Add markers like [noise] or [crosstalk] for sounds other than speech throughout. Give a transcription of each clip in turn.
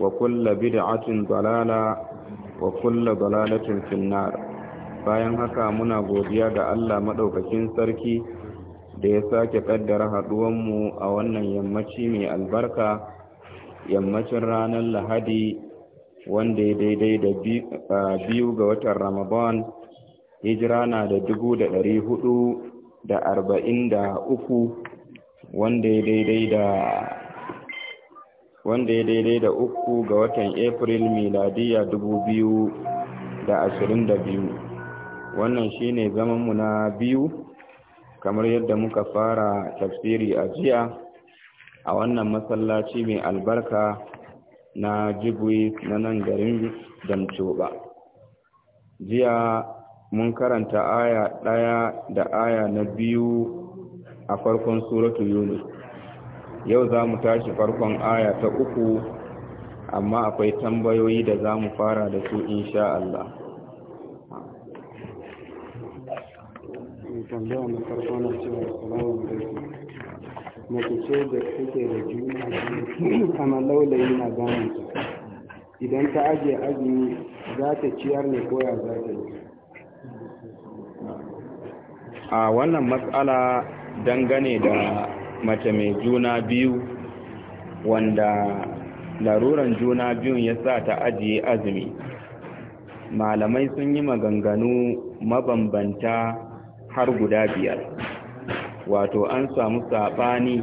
وكل بدعة ضلالة وكل ضلالة في النار bayan haka muna godiya ga Allah madaukakin sarki da ya sake ƙaddara mu a wannan yammaci mai albarka yammacin ranar lahadi wanda ya daidai da biyu ga watan ramadan hijira na da dubu da ɗari hudu da arba'in da uku wanda ya daidai da wanda ya daidai da uku ga watan april miladiya dubu biyu da ashirin da biyu wannan shine zamanmu na biyu kamar yadda muka fara tafsiri a jiya a wannan masallaci mai albarka na jibwe na nan garin damcoba jiya mun karanta aya ɗaya da aya na biyu a farkon suratu yunus yau za mu tashi farkon aya ta uku amma akwai tambayoyi da za mu fara da su sha Allah mace da suke da juna kama laulayi na zamanta idan ta ajiye azumi za ta ciyar ne koya za ta yi a wannan matsala dangane da mace mai juna biyu wanda laruran juna biyun ya sa ta ajiye azumi malamai sun yi maganganu mabambanta har guda biyar wato an samu saɓani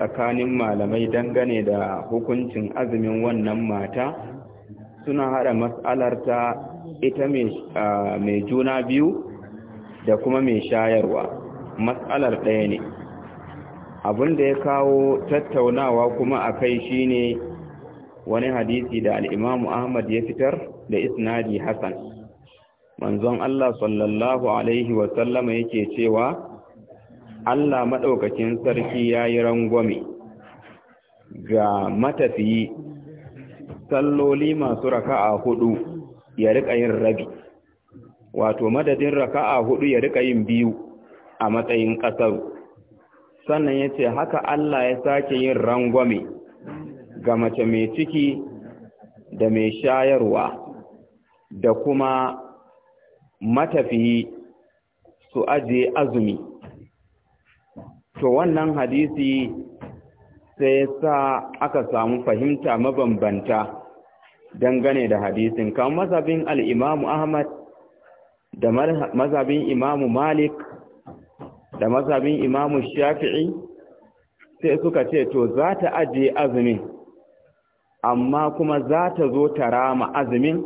tsakanin malamai dangane da hukuncin azumin wannan mata suna haɗa mas'alarta ita mai juna biyu da kuma mai shayarwa matsalar ɗaya ne abin da ya kawo tattaunawa kuma a kai shi ne wani hadisi da al'imamu ahmad ya fitar da isnadi hassan manzon Allah sallallahu Alaihi wasallama yake cewa Allah maɗaukakin sarki ya yi rangwame ga matafiyi salloli masu raka'a hudu ya riƙa yin rabi wato madadin raka'a hudu ya riƙa yin biyu a matsayin ƙasaru sannan ya ce haka Allah ya sake yin rangwame ga mace mai ciki da mai shayarwa da kuma matafiyi su ajiye azumi to wannan hadisi sai sa aka samu fahimta mabambanta dangane da hadisin kan mazabin al'imamu ahmad da mazabin imamu malik da mazhabin imamu shafi'i sai suka ce to za ta ajiye azumin amma kuma za ta zo ta rama azumin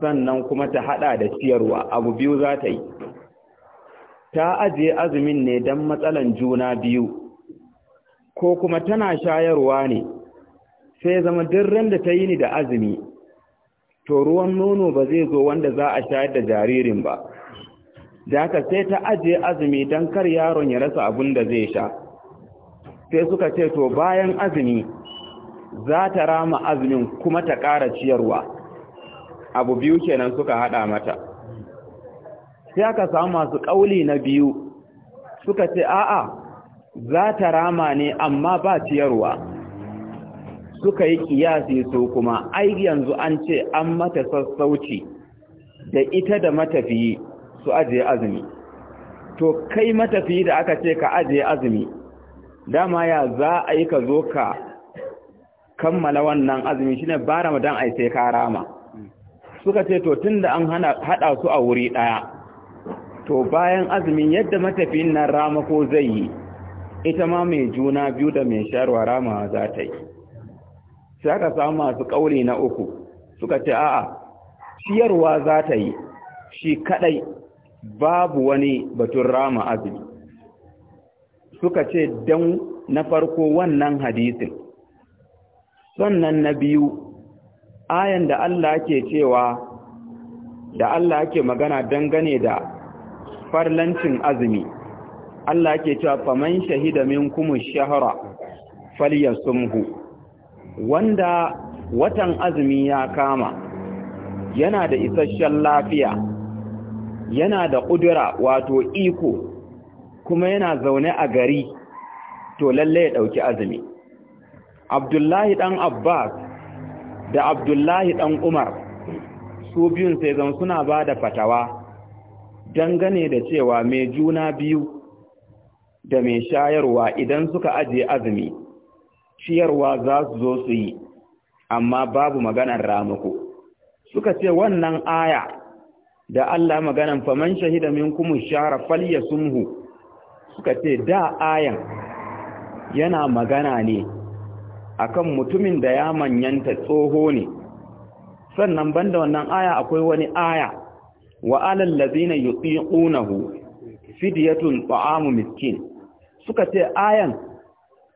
sannan kuma ta hada da ciyarwa abu biyu za ta yi ta ajiye azumin ne don matsalan juna biyu ko kuma tana shayarwa ne sai zama dirran da ta yi ni da azumi to ruwan nono ba zai zo wanda za a shayar da jaririn ba da haka sai ta ajiye azumi don kar yaron ya rasa abin da zai sha sai suka ce to bayan azumi za ta rama azumin kuma ta ƙara ciyarwa abu biyu kenan suka haɗa mata sai aka samu masu ƙauli na biyu suka ce a'a za ta rama ne amma ba ciyarwa suka yi kiyasi su kuma ai yanzu an ce an mata sassauci da ita da matafiyi su ajiye azumi to kai matafi da aka ce ka ajiye azumi dama ya za a yi ka zo ka kammala wannan azumi shine ba ramadan ai sai ka rama suka ce to tunda an hana hada su a wuri daya to bayan azumin yadda matafiyin nan rama ko zai yi ita ma mai juna biyu da mai sharwa rama za ta yi sai aka samu masu kauli na uku suka ce a'a ciyarwa za ta yi shi kadai babu wani batun rama azumi suka ce dan na farko wannan hadisin sannan na biyu ayan da Allah ke cewa da Allah ke magana dangane da farlancin azumi Allah ke cewa faman shahida minkum ash-shahra falyasumhu wanda watan azumi ya kama yana da isasshen lafiya yana da ƙudura wato iko kuma yana zaune a gari to lalle ya ɗauki azumi abdullahi ɗan abbas da abdullahi ɗan umar su biyun sai zan suna ba da fatawa dangane da cewa mai juna biyu da mai shayarwa idan suka ajiye azumi ciyarwa za su zo su yi amma babu maganar ramako suka ce wannan aya da Allah maganan faman shahida minkum shara falyasumhu suka ce da ayan yana magana ne akan mutumin da ya manyanta tsoho ne sannan banda wannan aya akwai wani aya wa alal ladina yuti'unahu fidyatun ta'amu miskin suka ce ayan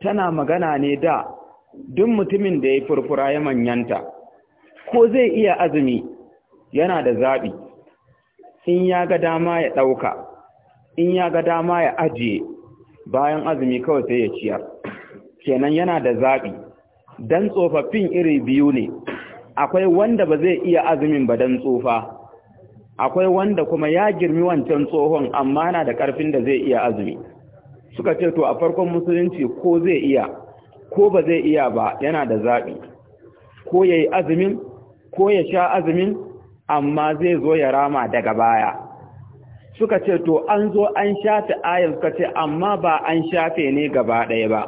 tana magana ne da duk mutumin da ya furfura ya manyanta ko zai iya azumi yana da zabi in ya ga dama ya ɗauka in ya ga dama ya ajiye bayan azumi kawai sai ya ciyar kenan yana da zaɓi don tsofaffin iri biyu ne akwai wanda ba zai iya azumin ba don tsofa akwai wanda kuma ya girmi wancan tsohon amma yana da ƙarfin da zai iya azumi suka ce to a farkon musulunci ko zai iya ko ba zai iya ba yana da zaɓi ko ya yi azumin ko ya sha azumin amma zai zo ya rama daga baya suka ce to an zo an shafe ayin suka ce amma ba an shafe ne gaba ɗaya ba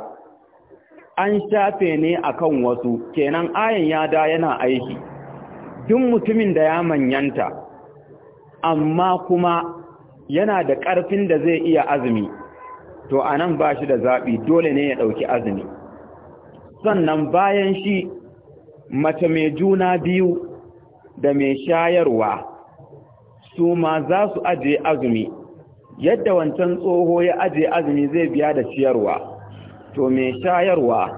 an shafe ne akan wasu kenan ayan ya da yana aiki duk mutumin da ya manyanta amma kuma yana da ƙarfin da zai iya azumi to anan ba shi da zaɓi dole ne ya ɗauki azumi sannan bayan shi mace mai juna biyu da mai shayarwa su ma za su ajiye azumi yadda wancan tsoho ya ajiye azumi zai biya da ciyarwa to mai shayarwa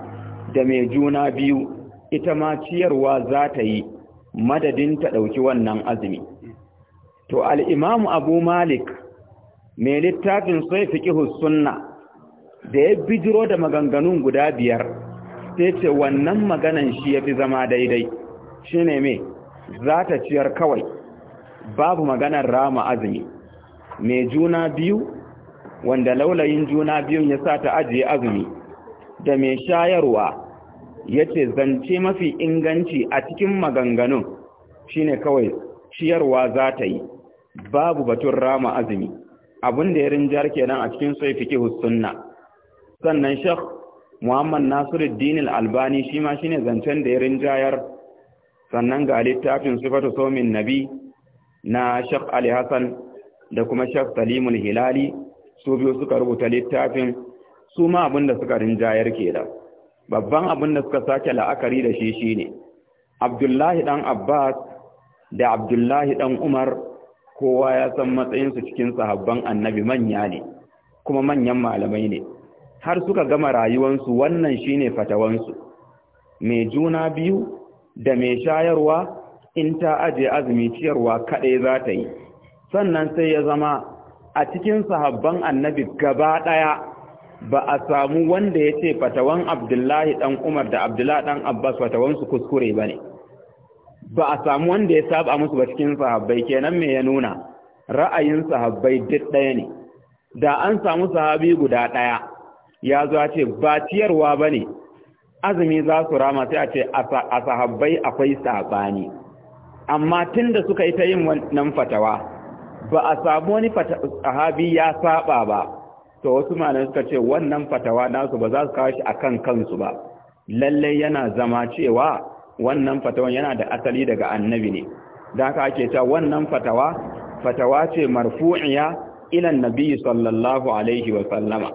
da mai juna biyu ita ma ciyarwa za ta yi madadin ta ɗauki wannan azumi to al'imamu abu malik mai littafin sai fiƙi sunna da ya bijiro da maganganun guda biyar sai ce wannan maganan shi ya fi zama daidai shi ne mai za ta ciyar kawai babu maganar rama azumi mai juna biyu wanda laulayin juna biyun ya sa ta ajiye azumi da mai shayarwa ya ce zance mafi inganci a cikin maganganun shine kawai ciyarwa za ta yi babu batun rama azumi abin da ya rinjar kenan a cikin sai fiki sunna sannan shek muhammad Nasiru nasiruddin albani shi ma shine zancen da ya rinjayar sannan ga littafin sifatu somin nabi na shek ali hassan da kuma shek salimul hilali su biyu suka rubuta littafin su ma abinda suka rinjayar ke da babban da suka sake la'akari da shi shine abdullahi ɗan abbas da abdullahi ɗan umar kowa ya san matsayinsu cikin sahabban annabi manya ne kuma manyan malamai ne har suka gama rayuwansu wannan shine fatawansu mai juna biyu da mai shayarwa in ta aje azumi ciyarwa kaɗai za ta yi sannan sai ya zama a cikin sahabban annabi gaba ɗaya ba a samu wanda ya ce fatawan abdullahi ɗan umar da abdullahi ɗan abbas fatawansu kuskure ba ne ba a samu wanda ya saba musu ba cikin sahabbai kenan mai ya nuna ra'ayin sahabbai duk ɗaya ne da an samu sahabi guda ɗaya ya zo ce ba ciyarwa ba ne azumi za su rama sai a ce a sahabbai akwai saɓani amma tun da suka yi ta yin wannan fatawa ba a samu wani sahabi ya saɓa ba to wasu malamai suka ce wannan fatawa nasu ba za su kawo shi a kan kansu ba lallai yana zama cewa wannan fatawa yana da asali daga annabi ne da haka ake cewa wannan fatawa fatawa ce marfu'iya ilan nabi sallallahu alaihi wa sallama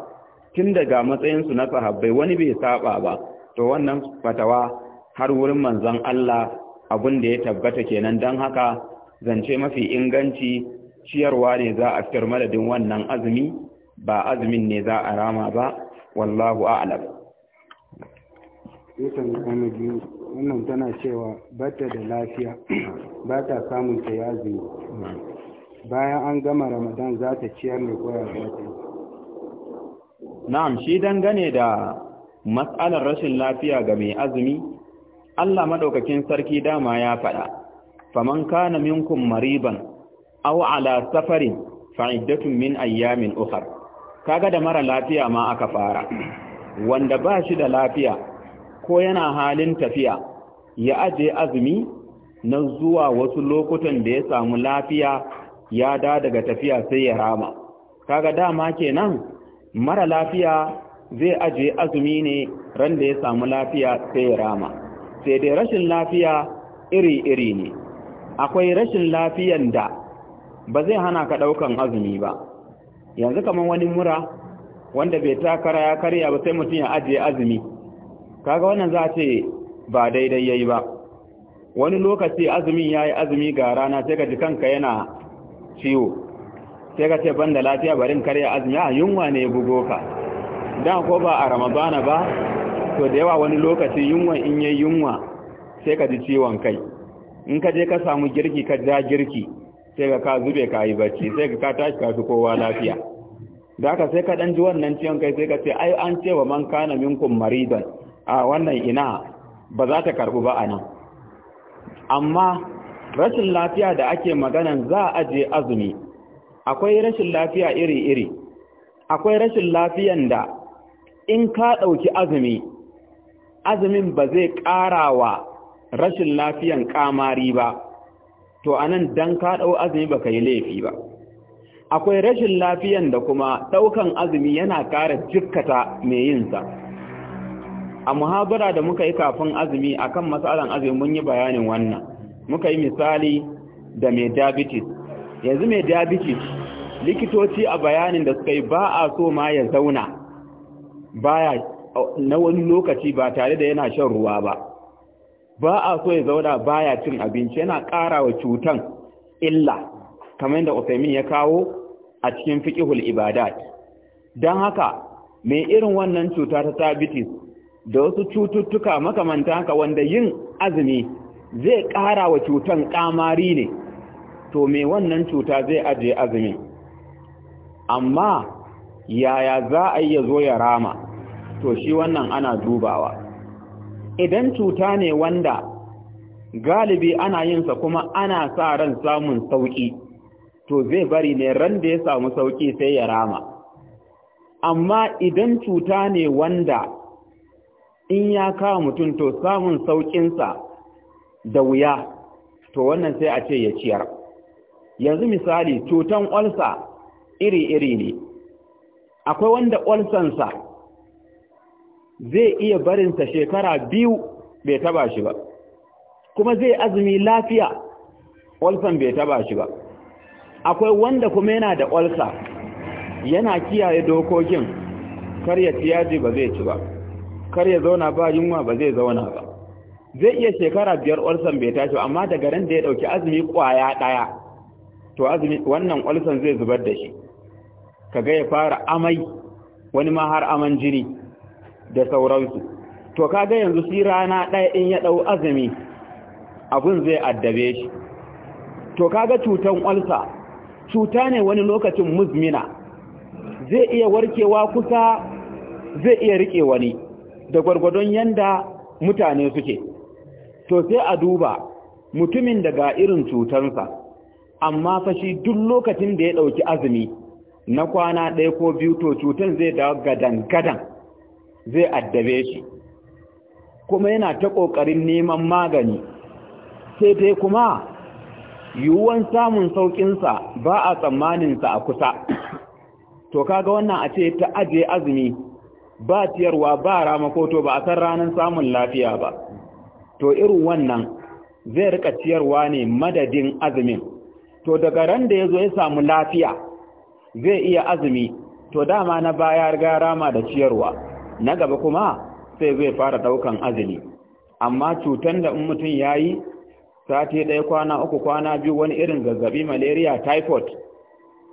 tun daga matsayinsu na sahabbai wani bai saba ba to wannan fatawa har wurin manzon Allah abin da ya tabbata kenan don haka zance mafi inganci ciyarwa ne za a fitar madadin wannan azumi ba azumin ne za a rama ba wallahu a'lam wannan tana cewa bata da lafiya ba ta samun ta azumi bayan an gama ramadan za ta ciyar mai koya za na'am shi dangane da matsalar rashin lafiya ga mai azumi Allah madaukakin sarki dama ya faɗa faman kana minkum mariban aw ala safarin fa'iddatun min ayyamin ukhra kaga da mara lafiya ma aka fara wanda ba shi da lafiya ko yana halin tafiya ya aje azumi na zuwa wasu lokutan da ya samu lafiya ya da daga tafiya sai ya rama kaga dama kenan mara lafiya zai aje azumi ne ran da ya samu lafiya sai ya rama sai dai rashin lafiya iri-iri ne akwai rashin lafiyan da ba zai hana ka ɗaukan azumi ba yanzu kamar wani mura wanda bai takara ya karya ba sai mutum ya ajiye azumi kaga wannan za ce ba daidai yayi ba wani lokaci azumin yayi azumi ga rana sai ka ji kanka yana ciwo sai ka ce banda lafiya barin karya azumi a yunwa ne ya bugo ka dan ko ba a ramadana ba to da yawa wani lokacin yunwa in yayi yunwa sai ka ji ciwon kai in ka je ka samu girki ka da girki sai ka ka zube ka yi bacci sai ka ka tashi ka fi kowa lafiya da ka sai ka dan ji wannan ciwon kai sai ka ce ai an ce wa man kana minkum maridan a wannan ina ba za ta karbu ba anan amma rashin lafiya da ake maganan za a je azumi akwai rashin lafiya iri-iri akwai rashin lafiyan da in ka ɗauki azumi azumin ba zai ƙarawa rashin lafiyan ƙamari ba to anan dan ka ɗau azumi ba ka yi laifi ba akwai rashin lafiyan da kuma ɗaukan azumi yana ƙara jikkata mai yinsa a muhabara da muka yi kafin azumi akan matsalan azumi mun yi bayanin wannan muka yi misali da mai diabetes yanzu mai diabetes likitoci a bayanin da suka yi ba a so ma ya zauna baya na wani lokaci ba tare da yana shan ruwa ba ba a so ya zauna baya cin abinci yana ƙarawa cutan illa kamar da Usaimin ya kawo a cikin fiqhul ibadat dan haka mai irin wannan cuta ta diabetes da wasu cututtuka makamanta haka wanda yin azumi zai ƙara cutan ƙamari ne to mai wannan cuta zai ajiye azumi amma yaya za a iya zo ya rama to shi wannan ana dubawa idan cuta ne wanda galibi ana yinsa kuma ana sa ran samun sauki to zai bari ne ran da ya samu sauki sai ya rama amma idan cuta ne wanda in ya kawo mutum to samun sauƙinsa da wuya to wannan sai a ce ya ciyar yanzu misali cutan olsa iri-iri ne akwai wanda ƙwalsansa zai iya barinsa shekara biyu bai taba shi ba kuma zai azumi lafiya ƙwalsan bai taba shi ba akwai wanda kuma yana da ƙwalsa yana kiyaye dokokin kar ya tiyaji ba zai ci ba kar ya zauna ba yunwa ba zai zauna ba zai iya shekara biyar ƙwalsan bai tashi amma daga ran da ya ɗauki azumi ƙwaya ɗaya to azumi wannan ƙwalsan zai zubar da shi Ka ga ya fara amai wani ma har aman jini da sauransu to kaga yanzu shi rana ɗaya in ya ɗau azumi abin zai addabe shi to kaga cutan ulsa cuta ne wani lokacin muzmina zai iya warkewa kusa zai iya riƙe wani da gwargwadon yanda mutane suke to sai a duba mutumin daga irin cutansa amma fashi duk lokacin da ya ɗauki azumi na kwana ɗaya ko biyu to cutar zai dawo gadan-gadan zai addabe shi kuma yana ta ƙoƙarin neman magani sai dai kuma yiwuwan samun sauƙinsa ba a tsammaninsa a kusa [coughs] to kaga wannan a ce ta ajiye azumi ba ciyarwa ba to ba a san ranar samun lafiya ba to irin wannan zai rika ciyarwa ne madadin azumin to daga ran da ya zo ya samu lafiya zai iya azumi to dama na baya ga rama da ciyarwa na gaba kuma sai zai fara daukan azumi amma cutan da in mutum yayi sati ɗaya kwana uku kwana biyu wani irin zazzabi malaria typhoid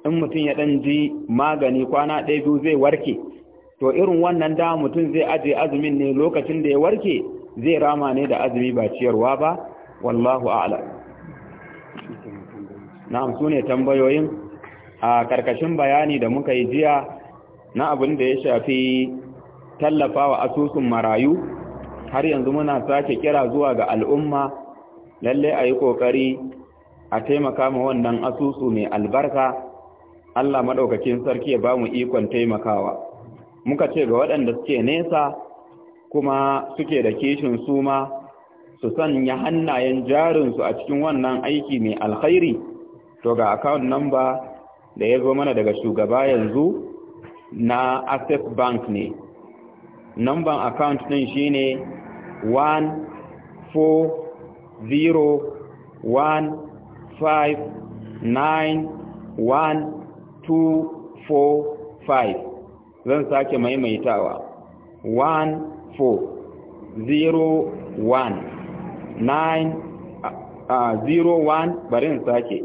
in mutum ya ɗan ji magani kwana ɗaya biyu zai warke to irin wannan da mutum zai aje azumin ne lokacin da ya warke zai rama ne da azumi ba ciyarwa ba wallahu a'lam na'am sune tambayoyin a karkashin bayani da muka yi jiya na abin da ya shafi tallafawa asusun marayu har yanzu muna sake kira zuwa ga al'umma lalle a yi ƙoƙari a taimaka ma wannan asusu mai albarka Allah maɗaukakin sarki ya ba mu ikon taimakawa muka ce ga waɗanda suke nesa kuma suke da kishin suma su sanya hannayen jarinsu a cikin wannan aiki mai alkhairi to ga account number da ya zo mana daga shugaba yanzu na access bank ne numban account din shine 14015912445 zan sake maimaitawa 14019 0 01 bari in sake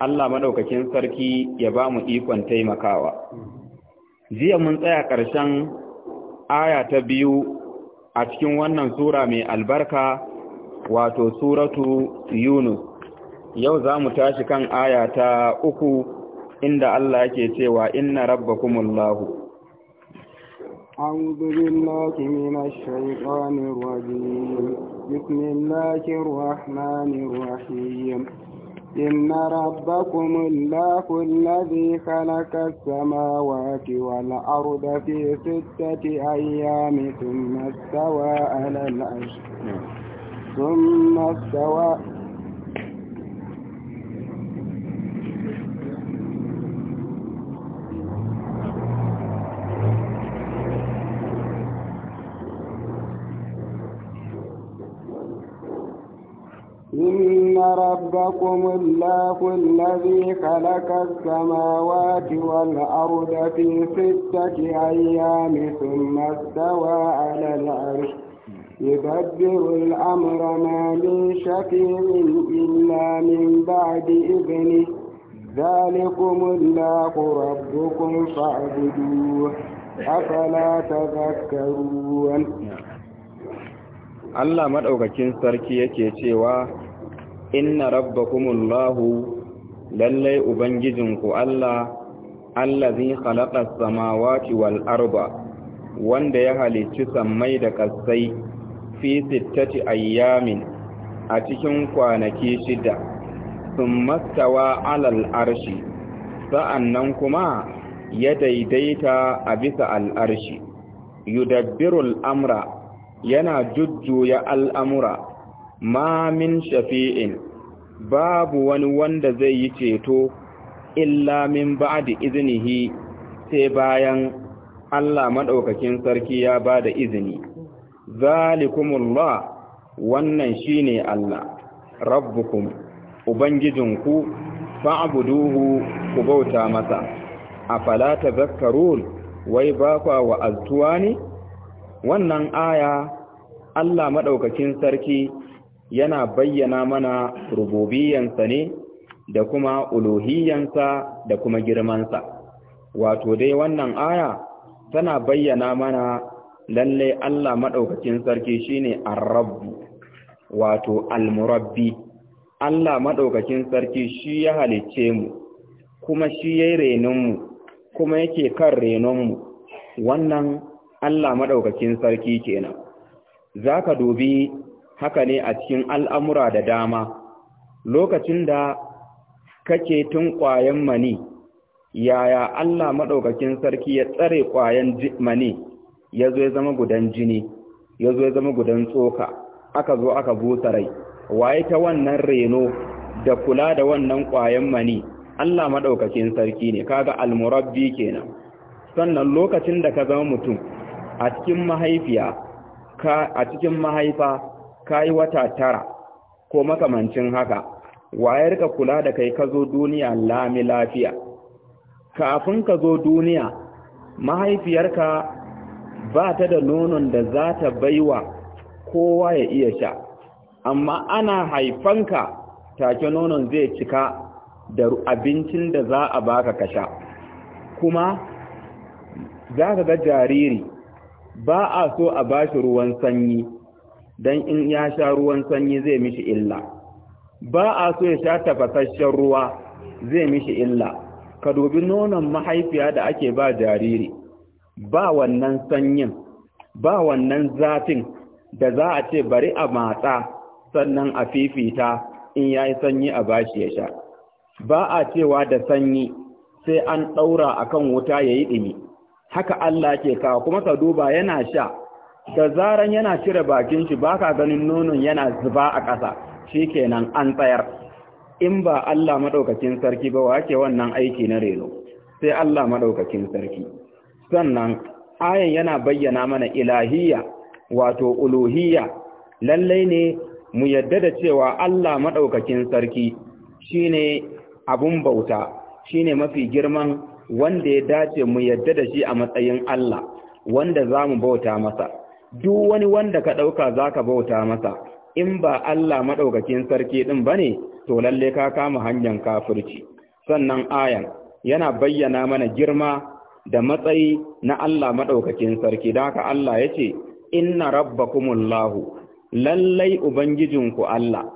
Allah madaukakin sarki ya ba mu ikon taimakawa jiya mun tsaya ƙarshen aya ta biyu a cikin wannan sura mai albarka wato suratu yunus yau za mu tashi kan aya ta uku inda Allah yake cewa inna rabbakumullahu أعوذ بالله من الشيطان الرجيم بسم الله الرحمن الرحيم إن ربكم الله الذي خلق السماوات والأرض في ستة أيام ثم استوى على العرش نعم. ثم استوى ربكم الله الذي خلق السماوات والأرض في ستة أيام ثم استوى على العرش يدبر الأمر ما من شفيع إلا من بعد إذنه ذلكم الله ربكم فاعبدوه أفلا تذكرون Allah maɗaukakin sarki yake cewa inna rabbakumullahu lallai ubangijinku Allah allazi khalaqa samawati wal arba wanda ya halicci sammai da ƙasai fi sittati ayyamin a cikin kwanaki shida sun mastawa alal arshi sa'annan kuma ya daidaita a bisa al'arshi yudabbirul amra yana jujjuya al'amura ma min shafi'in babu wani wanda zai yi ceto illa min da izinihi sai bayan Allah maɗaukakin sarki ya bada izini zalikumullah wannan shine Allah rabbukum ubangijinku fa'buduhu ku bauta masa afala tadhakkarun wai ba ku wa'aztuwa ne wannan aya Allah maɗaukakin sarki yana bayyana mana rububiyansa ne da kuma uluhiyansa da kuma girmansa wato dai wannan aya tana bayyana mana lalle Allah madaukakin sarki shine ar-rabb wato al-murabbi Allah madaukakin sarki shi ya halicce mu kuma shi yayi renon mu kuma yake kan renon mu wannan Allah maɗaukacin sarki kenan zaka dubi haka ne a cikin al'amura da dama lokacin da kake tun ƙwayan mani yaya Allah maɗaukakin sarki ya tsare ƙwayan mani ya zo ya zama gudan jini ya zo ya zama gudan tsoka aka zo aka busa rai waye ta wannan reno da kula da wannan ƙwayan mani Allah maɗaukakin sarki ne kaga almurabbi kenan sannan lokacin da ka zama mutum a cikin mahaifiya ka a cikin mahaifa ka wata tara ko makamancin haka wayar ka kula da kai ka zo duniya lami lafiya kafin ka zo duniya mahaifiyarka ba ta da nonon da za ta baiwa kowa ya iya sha amma ana haifanka take nonon zai cika da abincin da za a baka ka sha kuma za ka ga jariri ba a so a bashi ruwan sanyi don in ya sha ruwan sanyi zai mishi illa ba a so ya sha tafasasshen ruwa zai mishi illa ka dubi nonon mahaifiya da ake ba jariri ba wannan sanyin ba wannan zafin da za a ce bari a matsa sannan a fifita in ya yi sanyi a bashi ya sha ba a cewa da sanyi sai an ɗaura a kan wuta ya yi ɗimi haka Allah ke kawo kuma ka duba yana sha da zaran yana cire bakin shi baka ganin nonon yana zuba a ƙasa shi kenan an tsayar in ba Allah madaukakin sarki ba wake wannan aiki na reno sai Allah madaukakin sarki sannan ayan yana bayyana mana ilahiyya wato uluhiyya lallai ne mu yadda da cewa Allah madaukakin sarki shine abun bauta shine mafi girman wanda ya dace mu yadda da shi a matsayin Allah wanda zamu bauta masa duk wani wanda ka ɗauka za ka bauta masa in ba Allah maɗaukakin sarki ɗin ba ne to lalle ka kama hanyar kafirci sannan ayan yana bayyana mana girma da matsayi na Allah maɗaukakin sarki da haka Allah ya ce inna rabbakumullahu lallai ubangijinku Allah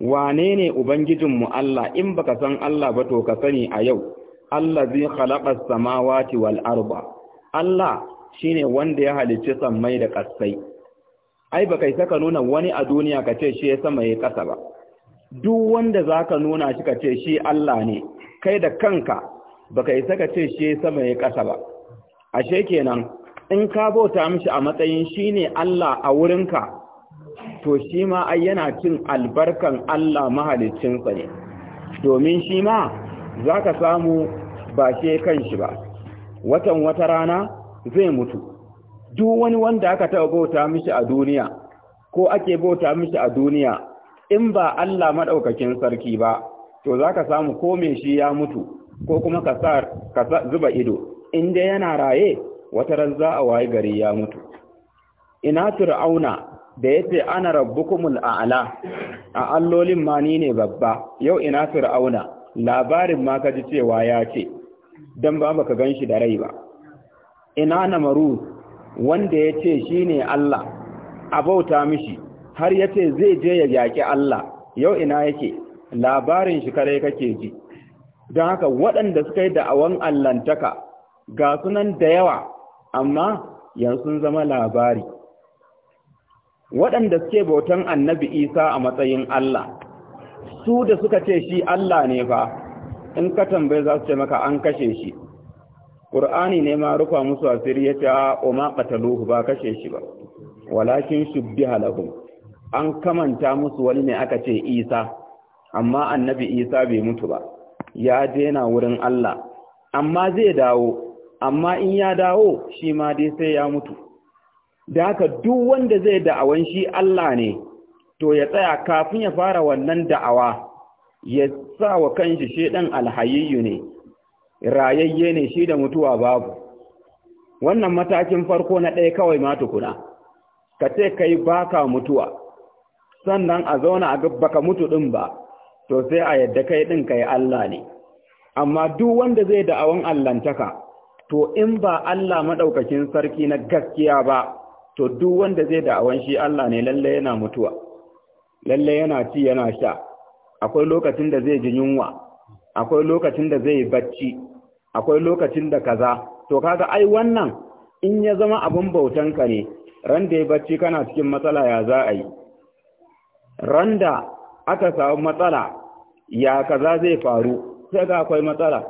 wane ne ubangijinmu Allah in baka san Allah ba to ka sani a yau Allah zai khalaqas samawati wal arda Allah shine wanda ya halicci sammai da ƙasai ai baka isa ka nuna wani a duniya ka ce shi ya sama ya ƙasa ba duk wanda zaka nuna shi ka ce shi Allah ne kai da kanka baka isa ka ce shi ya sama ya ƙasa ba ashe kenan in ka bauta mishi a matsayin shine Allah a wurinka to shi ma ai yana cin albarkan Allah mahaliccinsa ne domin shi ma zaka samu ba shi kanshi ba watan wata rana zai mutu duk wani wanda aka taɓa bauta mishi a duniya ko ake bauta mishi a duniya in ba Allah maɗaukakin sarki ba to za ka samu ko me shi ya mutu ko kuma ka zuba ido in dai yana raye wata ran a waye gari ya mutu ina fir'auna da ya ce ana rabbukumul a'la a allolin ma ni ne babba yau ina fir'auna labarin ma ka cewa ya ce dan ba baka ganshi da rai ba ina namarud wanda ya ce shi ne Allah a bauta mishi har ya ce zai je ya yaƙi Allah yau ina yake labarin shi kare kake ji don haka waɗanda suka yi da'awan allantaka ga sunan da yawa amma yanzu sun zama labari waɗanda suke bautan annabi isa a matsayin Allah su da suka ce shi Allah ne fa in ka tambaye za su ce maka an kashe shi ƙur'ani ne ma rufa musu asiri ya ce oma ƙataluhu ba kashe shi ba walakin shubbi halahum an kamanta musu wani ne aka ce isa amma annabi isa bai mutu ba ya daina wurin allah amma zai dawo amma in ya dawo shi ma dai sai ya mutu da haka duk wanda zai da'awan shi allah ne to ya tsaya kafin ya fara wannan da'awa ya sa wa kanshi shedan alhayiyyu ne rayayye ne shi da mutuwa babu wannan matakin farko na ɗaya kawai ma tukuna ka ce kai baka mutuwa sannan a zauna a ka mutu ɗin ba to sai a yadda kai ɗin kai Allah ne amma duk wanda zai da'awan allantaka to in ba Allah maɗaukakin sarki na gaskiya ba to duk wanda zai da'awan shi Allah ne lalle yana mutuwa lalle yana ci yana sha akwai lokacin da zai ji yunwa akwai lokacin da zai bacci akwai lokacin da kaza to kaga ai wannan in ya zama abin bautan ka ne ran da ya bacci kana cikin matsala ya za a yi ran da aka samu matsala ya kaza zai faru sai ga akwai matsala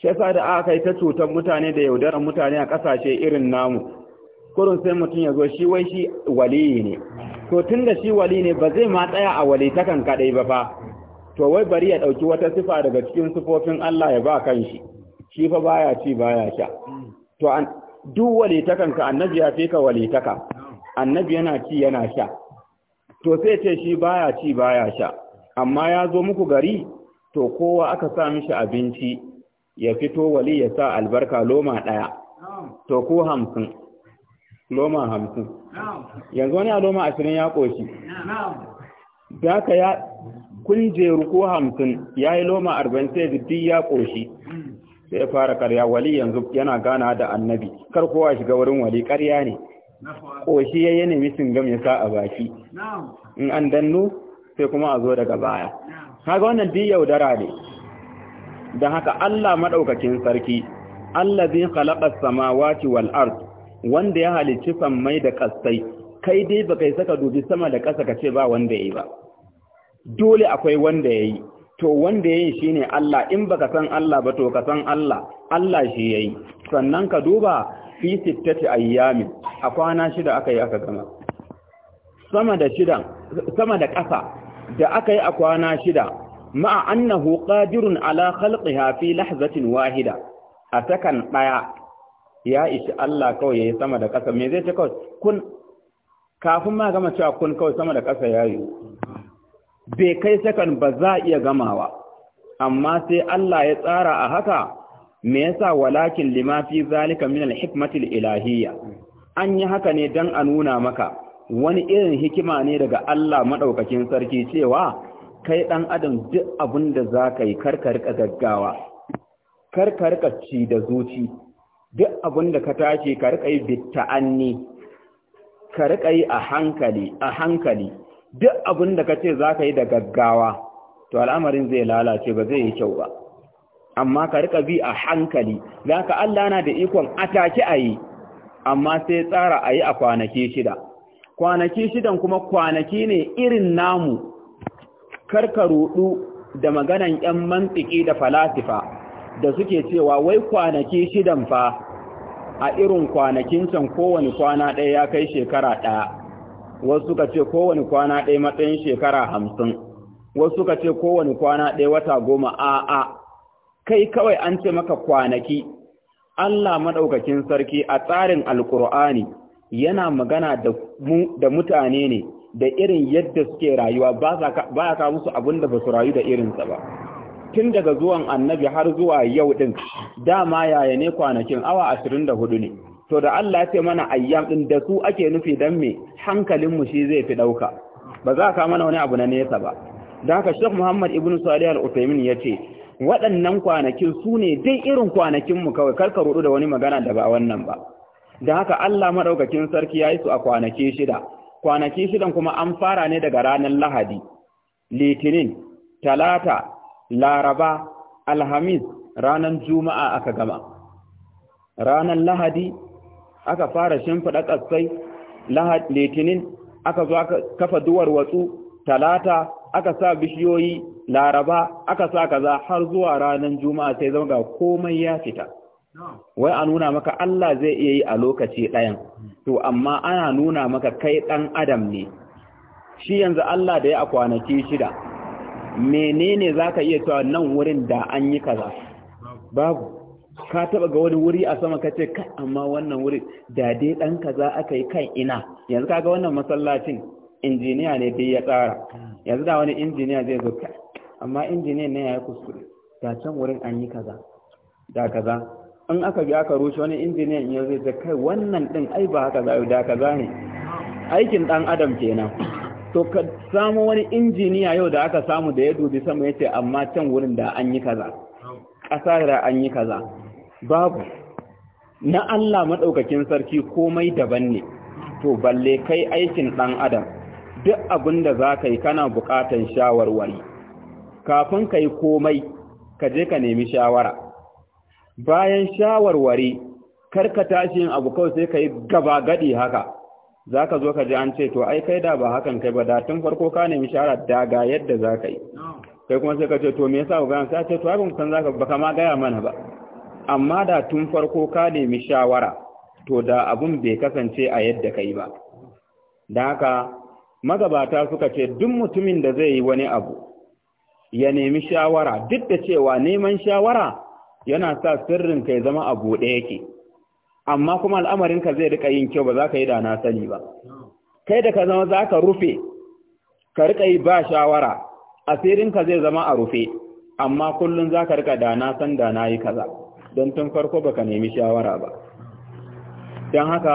shi yasa da aka yi ta cutar mutane da yaudarar mutane a kasashe irin namu kurun sai mutum ya zo shi wai shi waliyi ne to tun da shi wali ne ba zai ma tsaya a walitakan kaɗai ba fa to wai bari ya ɗauki wata sifa daga cikin sifofin Allah ya ba kan shi shi fa baya ci baya sha hmm. to an duk ta ka annabi ya fika ka annabi yana ci yana sha to sai ce shi baya ci baya sha amma ya zo muku gari to kowa aka sa mishi abinci ya fito wali ya sa albarka loma ɗaya to ko hamsin loma hamsin yanzu wani a loma ashirin ya ƙoshi da ka ya kunjeru ko hamsin ya yi loma arba'in sai ya ƙoshi hmm. sai ya fara karya wali yanzu yana gana da annabi kar kowa shiga wurin wali karya ne koshi ya ne misin gam ya sa a baki in an danno sai kuma a zo daga baya kaga wannan duk yaudara ne dan haka Allah madaukakin sarki allazi khalaqa samawati wal ard wanda ya halicci sammai da kasai kai dai baka saka dubi sama da kasa kace ba wanda yayi ba dole akwai wanda yayi to wanda shi shine Allah in baka san Allah ba to ka san Allah Allah shi yayi sannan ka duba fi sittati ayyami a kwana shida aka yi aka gama sama da shidan sama da ƙasa da aka yi a kwana shida ma'a annahu qadirun ala khalqiha fi lahzatin wahida a sakan daya ya ishi Allah kawai yayi sama da ƙasa me zai ta kawai kun kafin ma gama cewa kun kawai sama da ƙasa yayi bai kai sakan ba za iya gamawa amma sai Allah ya tsara a haka me yasa walakin limafi zalika min hikmatil ilahiyya an yi haka ne dan a nuna maka wani irin hikima ne daga Allah madaukakin sarki cewa kai ɗan adam duk abin da zaka yi karkarka gaggawa karkarka ci da zuci duk abin ka tashi ka rika yi bitta'anni ka a hankali a hankali duk abin da ka ce za ka yi da gaggawa to al'amarin zai lalace ba zai yi kyau ba amma ka rika bi a hankali za ka Allah na da ikon atake a yi amma sai tsara a yi a kwanaki shida kwanaki shidan kuma kwanaki ne irin namu karka rudu da maganan 'yan mantsiki da falasifa da suke cewa wai kwanaki shidan fa a irin kwanakin can kowane kwana ɗaya ya kai shekara ɗaya wasu suka ce kowane kwana ɗaya matsayin shekara hamsin wasu suka ce kowane kwana ɗaya wata goma a'a kai kawai an ce maka kwanaki Allah maɗaukakin sarki a tsarin Alƙur'ani, yana magana da mutane ne da irin yadda suke rayuwa ba ya ka musu abin da ba su rayu da irinsa ba tun daga zuwan annabi har zuwa yau ɗin dama yaya ne kwanakin awa ashirin da hudu ne to da Allah ya ce mana ayyam din da su ake nufi dan me hankalin mu shi zai fi dauka ba za ka mana wani abu na nesa ba dan haka Sheikh Muhammad Ibn Salih Al-Uthaymeen yace waɗannan kwanakin su ne dai irin kwanakin mu kawai ka rudu da wani magana da ba wannan ba dan haka Allah madaukakin sarki yayi su a kwanaki shida kwanaki shidan kuma an fara ne daga ranar Lahadi Litinin Talata Laraba Alhamis ranar Juma'a aka gama ranar Lahadi aka fara shimfiɗa ƙasai lahad litinin aka zo aka kafa duwar watsu talata aka sa bishiyoyi laraba aka sa kaza har zuwa ranar juma'a sai zama ga komai ya fita wai a nuna maka Allah zai iya yi a lokaci ɗayan to amma ana nuna maka kai ɗan adam ne shi yanzu Allah da ya a kwanaki shida menene za ka iya cewa nan wurin da an yi kaza babu ka taba ga wani wuri a sama kace kai amma wannan wuri da dai dan kaza aka yi kan ina yanzu kaga wannan masallacin injiniya ne dai ya tsara yanzu da wani injiniya zai zo kai amma injiniyan ne yayi kuskure da can wurin an yi kaza da kaza in aka bi aka rushe wani injiniyan ya zai ce kai wannan din ai ba haka zai da kaza ne aikin dan adam kenan to ka samu wani injiniya yau da aka samu da ya dubi sama yace amma can wurin da an yi kaza ƙasa da an yi kaza babu na Allah maɗaukakin sarki komai daban ne to balle kai aikin ɗan adam duk abin da za ka yi kana buƙatar shawarwari kafin ka yi komai ka je ka nemi shawara bayan shawarwari kar ka tashi yin abu kawai sai ka yi gabagadi haka za ka zo ka ji an ce to ai kai da ba hakan kai ba da tun farko ka nemi shawara da ga yadda za ka yi kai kuma sai ka ce to me yasa ku gaya sai ce to abin ban za ka ba ma gaya mana ba amma da tun farko ka nemi shawara to da abun bai kasance a yadda kai ba da haka magabata suka ce duk mutumin da zai yi wani abu ya nemi shawara duk da cewa neman shawara yana sa sirrin kai zama a buɗe yake amma kuma al'amarinka zai rika yin kyau ba za ka yi da na sani ba kai da ka zama za ka rufe ka rika yi ba shawara asirinka zai zama a rufe amma kullum za ka rika da na san da na yi kaza don tun farko baka nemi shawara ba don haka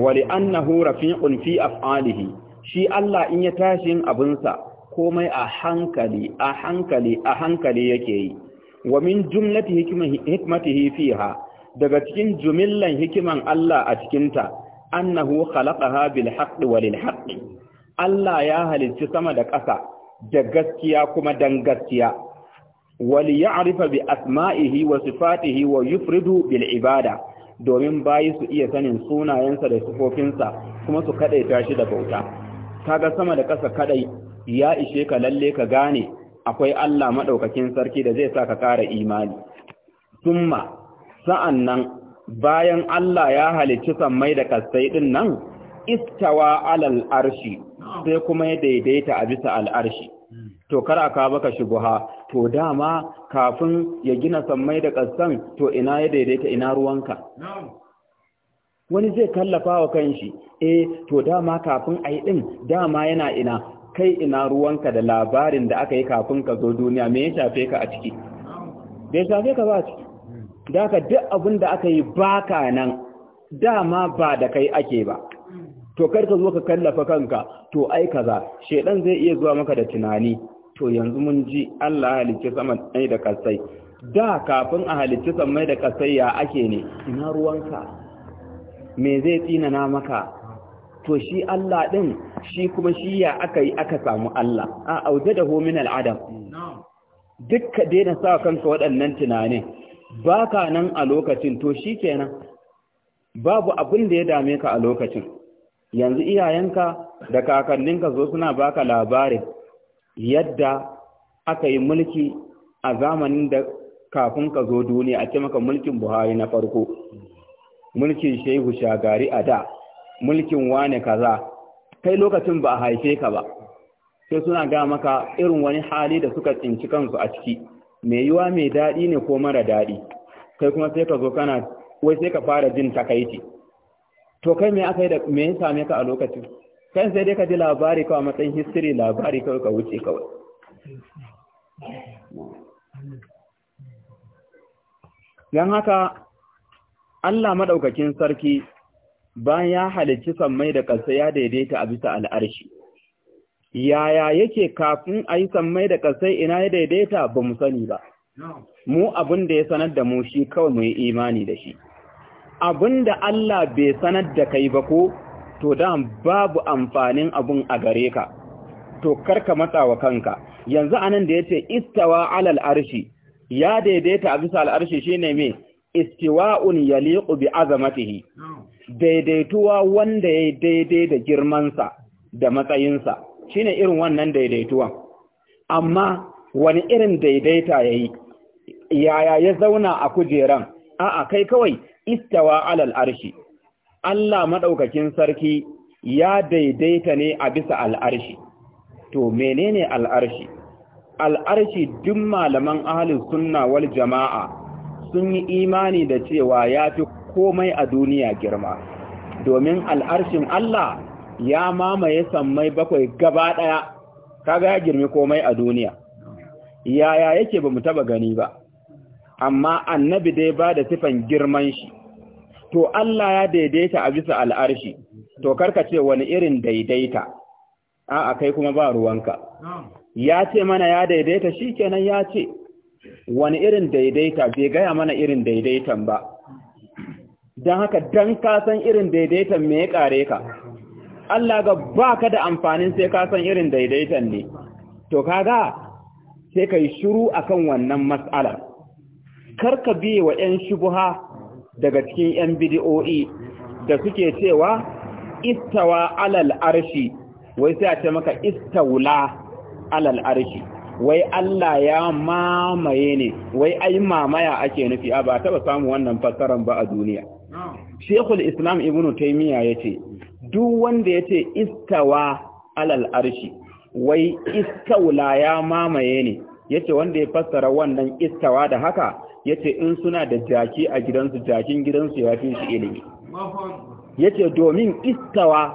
wali annahu rafi'un fi af'alihi shi Allah in ya tashin abinsa komai a hankali a hankali a hankali yake yi wa min jumlati hikmatihi fiha daga cikin jumillan hikiman Allah a cikinta annahu khalaqaha bil haqqi wa haqqi Allah ya halicci sama da ƙasa da gaskiya kuma dan gaskiya wali ya'rifa bi asma'ihi wa sifatihi wa yufridu bil ibada domin bayi su iya sanin sunayensa da sifofinsa kuma su kadaita shi da bauta kaga sama da ƙasa kadai ya ishe ka lalle ka gane akwai Allah madaukakin sarki da zai sa ka kara imani summa sa'annan bayan Allah ya halicci sammai da kasai din nan istawa alal arshi sai kuma ya daidaita a bisa al'arshi to kar aka baka shubuha to dama kafin ya gina sammai da ƙasan to ina ya daidaita ina ruwanka wani zai kallafa wa kanshi eh to dama kafin a yi ɗin dama yana ina kai ina ruwanka da labarin da aka yi kafin ka zo duniya me ya shafe ka a ciki bai shafe ka ba ciki da duk abin da aka yi baka nan dama ba da kai ake ba mm. to kar ka zo ka kallafa kanka to ai kaza shaiɗan zai iya zuwa maka da tunani to yanzu mun ji Allah halicce saman mai da kasai da kafin a halicci sama da kasai ya ake ne ina ruwanka me zai tsina na maka to shi Allah din shi kuma shi ya aka yi aka samu Allah a aujadahu min al'adam dukka daina sa kanka waɗannan tunanin baka nan a lokacin to shi kenan babu abin da ya dame ka a lokacin yanzu iyayenka da kakanninka zo suna baka labarin yadda aka yi mulki a zamanin da kafin ka zo duniya a ce maka mulkin buhari na farko mulkin shehu shagari a da mulkin wane kaza kai lokacin ba a haife ka ba sai suna ga maka irin wani hali da suka tsinci kansu a ciki mai yiwa mai daɗi ne ko mara daɗi kai kuma sai ka zo kana wai sai ka fara jin takaici to kai me aka yi da me ya same ka a lokacin kan sai dai ka ji labari kawai matsayin history labari kawai ka wuce kawai don haka Allah maɗaukakin sarki bayan ya halicci sammai da ƙasa ya daidaita a bisa al'arshi yaya yake kafin a yi sammai da ƙasa ina ya daidaita ba mu sani ba mu abin da ya sanar da mu shi kawai mu yi imani da shi abin da Allah bai sanar da kai ba ko to dan babu amfanin abun a gare ka to karka matsa wa kanka yanzu anan da yace istawa alal arshi ya daidaita a bisa al'arshi shine me istiwa'un yaliqu bi azamatihi daidaituwa wanda ya daidai da girman sa da matsayinsa shine irin wannan daidaituwan amma wani irin daidaita yayi yaya ya zauna a kujeran a'a kai kawai istawa alal arshi Allah maɗaukakin sarki ya daidaita ne a bisa al'arshi. To, menene al'arshi? Al'arshi duk malaman ahalin suna wal jama'a sun yi imani da cewa ya fi komai a duniya girma, domin al'arshin Allah ya mamaye sammai bakwai gaba ɗaya, kaga ya girmi komai a duniya. Yaya yake ba mu taɓa gani ba, amma annabi dai ba da sifan girman shi. to Allah ya daidaita a bisa al'arshi, to karka ce wani irin daidaita, a kai kuma ba ruwanka. Ya ce mana ya daidaita shi kenan ya ce, wani irin daidaita bai gaya mana irin daidaitan ba. Don haka don kasan irin daidaitan me ya ƙare ka, Allah ga ba ka da amfanin sai kasan irin daidaitan ne, to kaga sai ka yi shuru kan wannan matsalar. ka biye wa ‘yan shubuha daga cikin 'yan bidiyo'i da suke cewa istawa alal arshi wai sai a ce maka istawla alal arshi wai Allah ya mamaye ne wai ai mamaya ake nufi a ba taba samu wannan fassaran ba a duniya Sheikhul Islam Ibn Taymiyyah yace duk wanda yace istawa alal arshi wai istawla ya mamaye ne yace wanda ya fassara wannan istawa da haka yace in suna da jaki a gidansu jakin gidansu ya fi shi ilimi yace domin istawa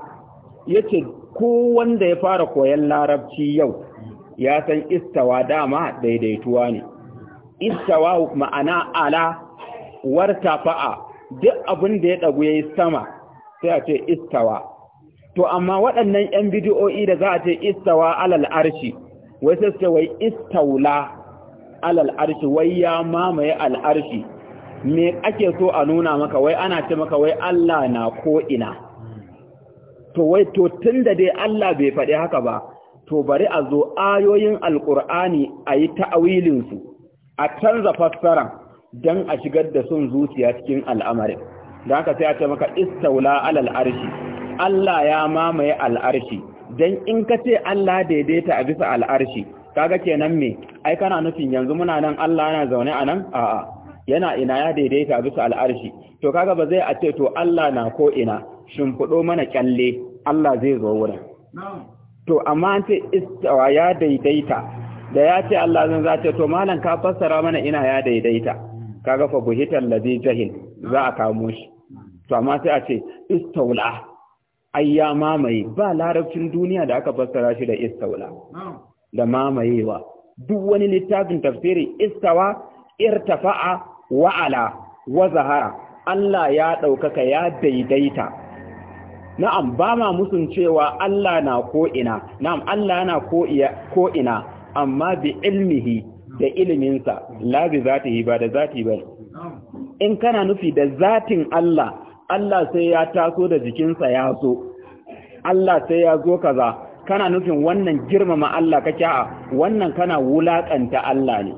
yace ko wanda ya fara koyon larabci yau ya san istawa dama daidaituwa ne istawa ma'ana ala fa'a, duk abin da ya dagu yayi sama sai a ce istawa to amma waɗannan 'yan bidiyo'i da za a ce istawa alal arshi wai sai wai istaula alal arshi wai ya mamaye al'arshi me ake so a nuna maka wai ana ce maka wai Allah na ko ina to wai to tunda dai Allah bai faɗi haka ba to bari a zo ayoyin alkur'ani ayi yi su a canza fassara dan a shigar da sun zuciya cikin al'amarin da haka sai a ce maka istaula alal arshi Allah ya mamaye al'arshi dan in ka ce Allah daidaita a bisa al'arshi kaga kenan me ai kana nufin yanzu muna nan Allah yana zaune a nan a'a yana ina ya daidaita bisa al'arshi to kaga ba zai a ce to Allah na ko ina shimfiɗo mana kyalle Allah zai zo wurin to amma an ce istawa ya daidaita da ya ce Allah zan za ce to malam ka fassara mana ina ya daidaita kaga fa buhitan ladhi jahil za a kamo shi to amma sai a ce istawla ai ya mamaye ba larabcin duniya da aka fassara shi da istawla da mamayewa duk wani littafin tafsiri istawa irtafa'a wa'ala wa zahara Allah ya ɗaukaka ya daidaita na'am ba ma musun cewa Allah na ina na'am Allah na ko'ina amma bi ilmihi da iliminsa bi zatihi ba da zati ba in kana nufi da zatin Allah Allah sai ya taso da jikinsa ya so Allah sai ya zo kaza kana nufin wannan girmama Allah kake a wannan kana wulakanta Allah ne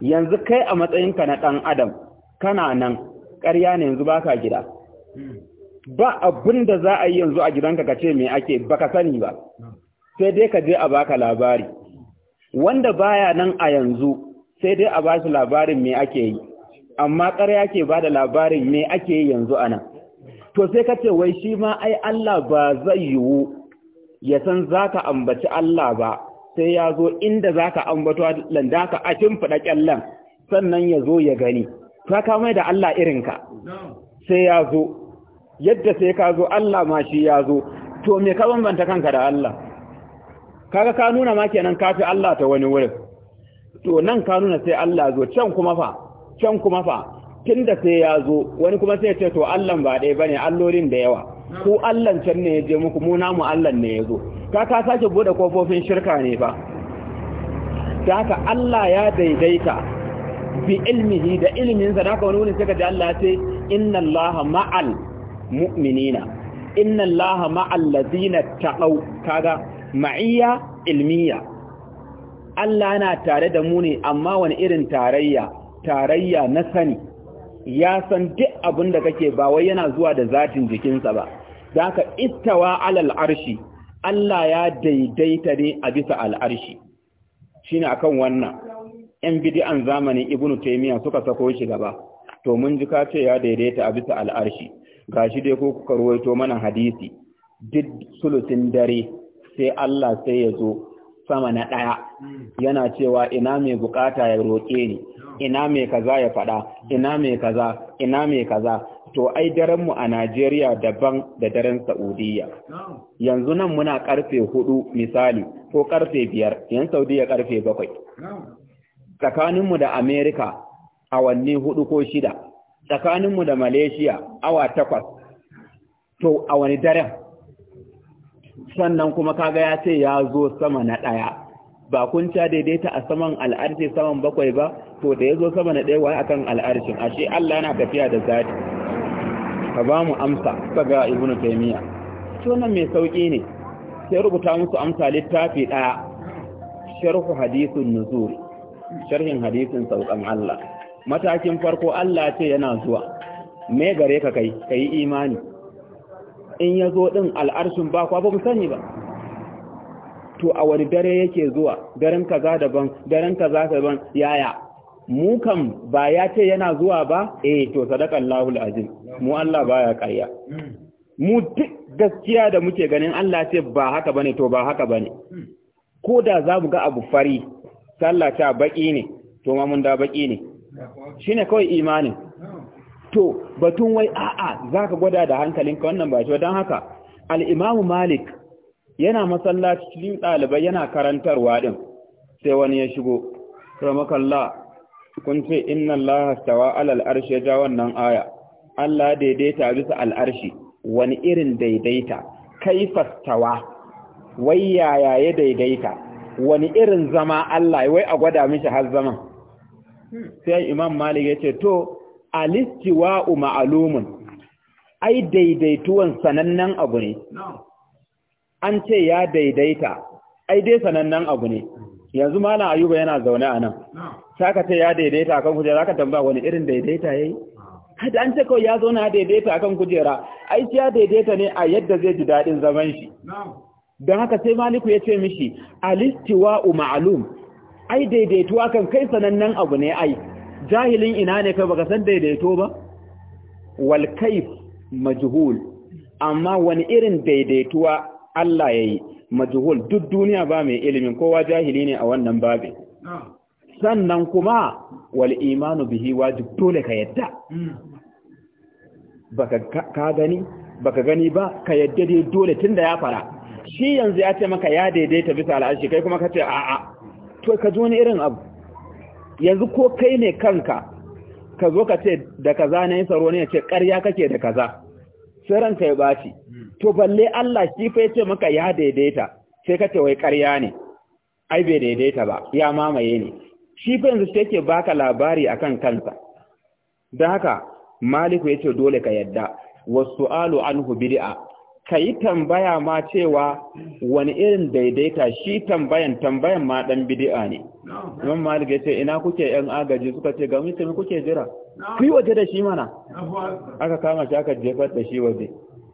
yanzu kai a matsayinka na ɗan adam kana nan ƙarya ne yanzu baka gida ba abinda za a yi yanzu a gidanka ka ce me ake baka sani ba sai dai ka je a baka labari wanda baya nan a yanzu sai dai a bashi labarin me ake yi amma ƙarya ke bada da labarin me ake yi yanzu a to sai ka ce wai shi ma ai Allah ba zai yiwu ya san za ka ambaci Allah ba sai ya zo inda za ka ambato landa ka a shimfiɗa ƙyallen sannan ya zo ya gani ka kamai da Allah irinka sai ya zo yadda sai ka zo Allah ma shi ya zo to me ka bambanta kanka da Allah kaga ka nuna ma kenan kafi Allah ta wani wurin to nan ka nuna sai Allah zo can kuma fa can kuma fa tunda sai ya zo wani kuma sai ya ce to Allah ba ɗaya bane allolin da yawa ku allan can ne ya je muku mu namu allan ne ya zo ka ka sake bude kofofin shirka ne ba da haka allah ya daidaita bi ilmihi da ilminsa da ka wani wurin suka ji allah ya ce inna allaha ma'al mu'minina inna allaha ma'al ladina taqaw kaga ma'iyya ilmiya allah yana tare da mu ne amma wani irin tarayya tarayya na sani ya san duk abin da kake ba wai yana zuwa da zatin jikinsa ba zaka ittawa alal arshi Allah ya daidaita ne a bisa al'arshi Shi shine akan wannan yan bid'an zamani ibnu taymiya suka sako shi gaba to mun ji ka ce ya daidaita a bisa al'arshi Ga shi dai ko kuka ruwaito mana hadisi duk sulusin dare sai Allah sai ya zo sama na ɗaya yana cewa ina mai bukata ya roƙe ni ina mai kaza ya faɗa ina mai kaza ina mai kaza to ai daren mu a Najeriya daban da daren Saudiya yanzu nan muna karfe hudu misali ko karfe biyar yan Saudiya karfe bakwai tsakanin mu da America awanni hudu ko shida tsakaninmu da Malaysia awa takwas to a wani daren sannan kuma kaga ya ce ya zo sama na ɗaya ba kun ta daidaita a saman al'arshi saman bakwai ba to da ya zo sama na ɗaya wai akan al'arshin ashe Allah yana tafiya da zati ka ba mu amsa daga ibn taymiya to nan mai sauki ne sai rubuta musu amsa littafi ɗaya sharhu hadithun nuzul sharhin hadithin sauƙan Allah matakin farko Allah ce yana zuwa me gare ka kai kai imani in ya zo din al'arshin ba kwa ba mu ba to a wani dare yake zuwa daren kaza daban daren kaza daban yaya mu kam ba ya ce yana zuwa ba eh to Allahu alazim mu Allah baya ƙarya mu duk gaskiya da muke ganin Allah ce ba haka bane to ba haka bane ko da za mu ga abu fari sallah ta baki ne to ma mun da baki ne shine kawai imanin to batun wai a'a zaka gwada da hankalinka wannan ba shi dan haka al-imamu malik yana masallaci cikin ɗalibai yana karantarwa ɗin sai wani ya shigo ramakalla kun ce inna allaha stawa alal arshi ya ja wannan aya Allah daidaita bisa al'arshi wani irin daidaita kai fastawa wai yaya ya daidaita wani irin zama Allah wai a gwada mishi har zaman sai imam malik ya ce to alistiwa'u ma'alumun ai daidaituwan sanannen abu ne an ce ya daidaita ai dai sanannen abu ne yanzu malam ayuba yana zaune a nan saka ce ya daidaita akan kujera ka tambaya wani irin daidaita yayi kada an ce kawai ya zauna ya daidaita akan kujera ai ya daidaita ne a yadda zai ji daɗin zaman shi don haka sai maliku ya ce mishi Alistiwa ma'alum ai daidaituwa kan kai sanannen abu ne ai jahilin ina ne kai baka san daidaito ba wal kayf majhul amma wani irin daidaituwa Allah ya yi majhul duk duniya ba mai ilimin kowa jahili ne a wannan babi. sannan kuma wal imanu bihi wajib dole ka yadda baka ka gani baka gani ba ka yadda dai dole tunda ya fara shi yanzu ya ce maka ya daidaita bisa al'ashi kai kuma ka ce a'a to ka ji wani irin abu yanzu ko kai ne kanka ka zo ka ce da kaza na yi tsaro ne ya ce ƙarya kake da kaza sai ranka ya baci hmm. to balle Allah shi fa yace maka ya daidaita sai ka ce wai ƙarya ne ai bai daidaita ba ya mamaye ne shi fa yanzu sai yake baka labari akan kansa dan haka maliku yace dole ka yadda wasu alu anhu bid'a ka yi tambaya ma cewa wani irin daidaita shi tambayan tambayan ma ɗan bidi'a ne imam malik ya ce ina kuke yan agaji suka ce ga mutum kuke jira Kuyi waje da shi mana aka kama shi aka jefar da shi waje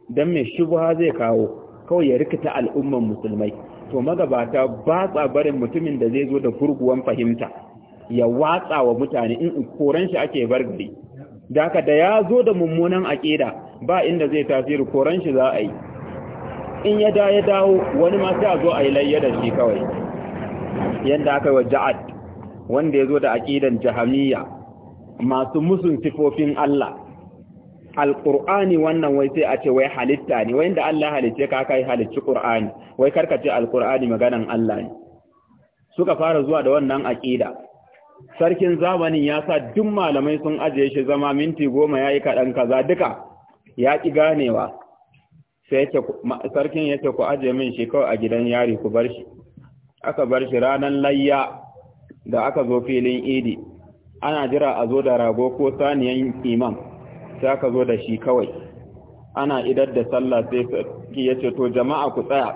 dan mai shubuha zai kawo kawai ya rikita al'umman musulmai to magabata ba sa barin mutumin da zai zo da gurguwan fahimta ya watsa wa mutane in koran shi ake bar gari da haka da ya zo da mummunan aƙida ba inda zai tasiri koran shi za a yi in ya da ya dawo wani ma sai a zo a yi layya da shi kawai yadda aka yi wa ja'ad wanda ya zo da aƙidan jahamiya masu musun sifofin Allah alƙur'ani wannan wai sai a ce wai halitta ne wai inda Allah halicce ka aka yi halicci ƙur'ani wai ce alƙur'ani maganan Allah ne suka fara zuwa da wannan aƙida sarkin zamanin ya sa duk malamai sun ajiye shi zama minti goma yayi yi kaɗan kaza duka ya ƙi ganewa sai yake sarkin yace ku aje min shi kawai a gidan yari ku bar shi aka bar shi ranar layya da aka zo filin idi ana jira a zo da rago ko saniyan imam sai aka zo da shi kawai ana idar da sallah sai sarki ya ce to jama'a ku tsaya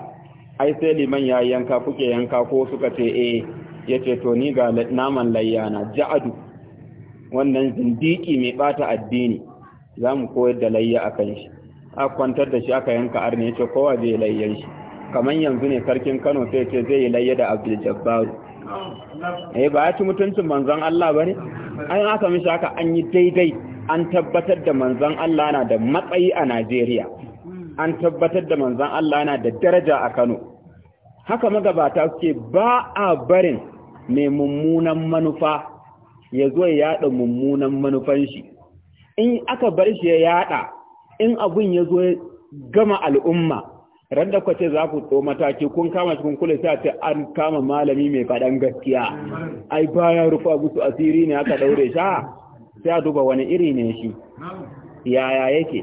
ai sai liman ya yanka kuke yanka ko suka ce eh ya ce to ni ga naman layya na ja'adu wannan zindiki mai bata addini za mu koyar da layya a kan shi a kwantar da shi aka yanka arne ce kowa zai layyar shi kamar yanzu ne sarkin kano sai ce zai yi layya da abdul jabbaru eh ba ya ci mutuncin manzon Allah ba ne an aka mishi haka an yi daidai an tabbatar da manzan Allah na da matsayi a Najeriya an tabbatar da manzon Allah na da daraja a Kano haka magabata suke ba a barin mai mummunan manufa ya zo ya yada mummunan manufan shi in aka bar shi ya yada in abun ya zo gama al'umma ran da kwace za ku tso mataki kun kama shi kun kula sai ce an kama malami mai faɗan gaskiya ai baya rufa musu asiri ne aka daure sha sai a duba wani iri ne shi yaya yake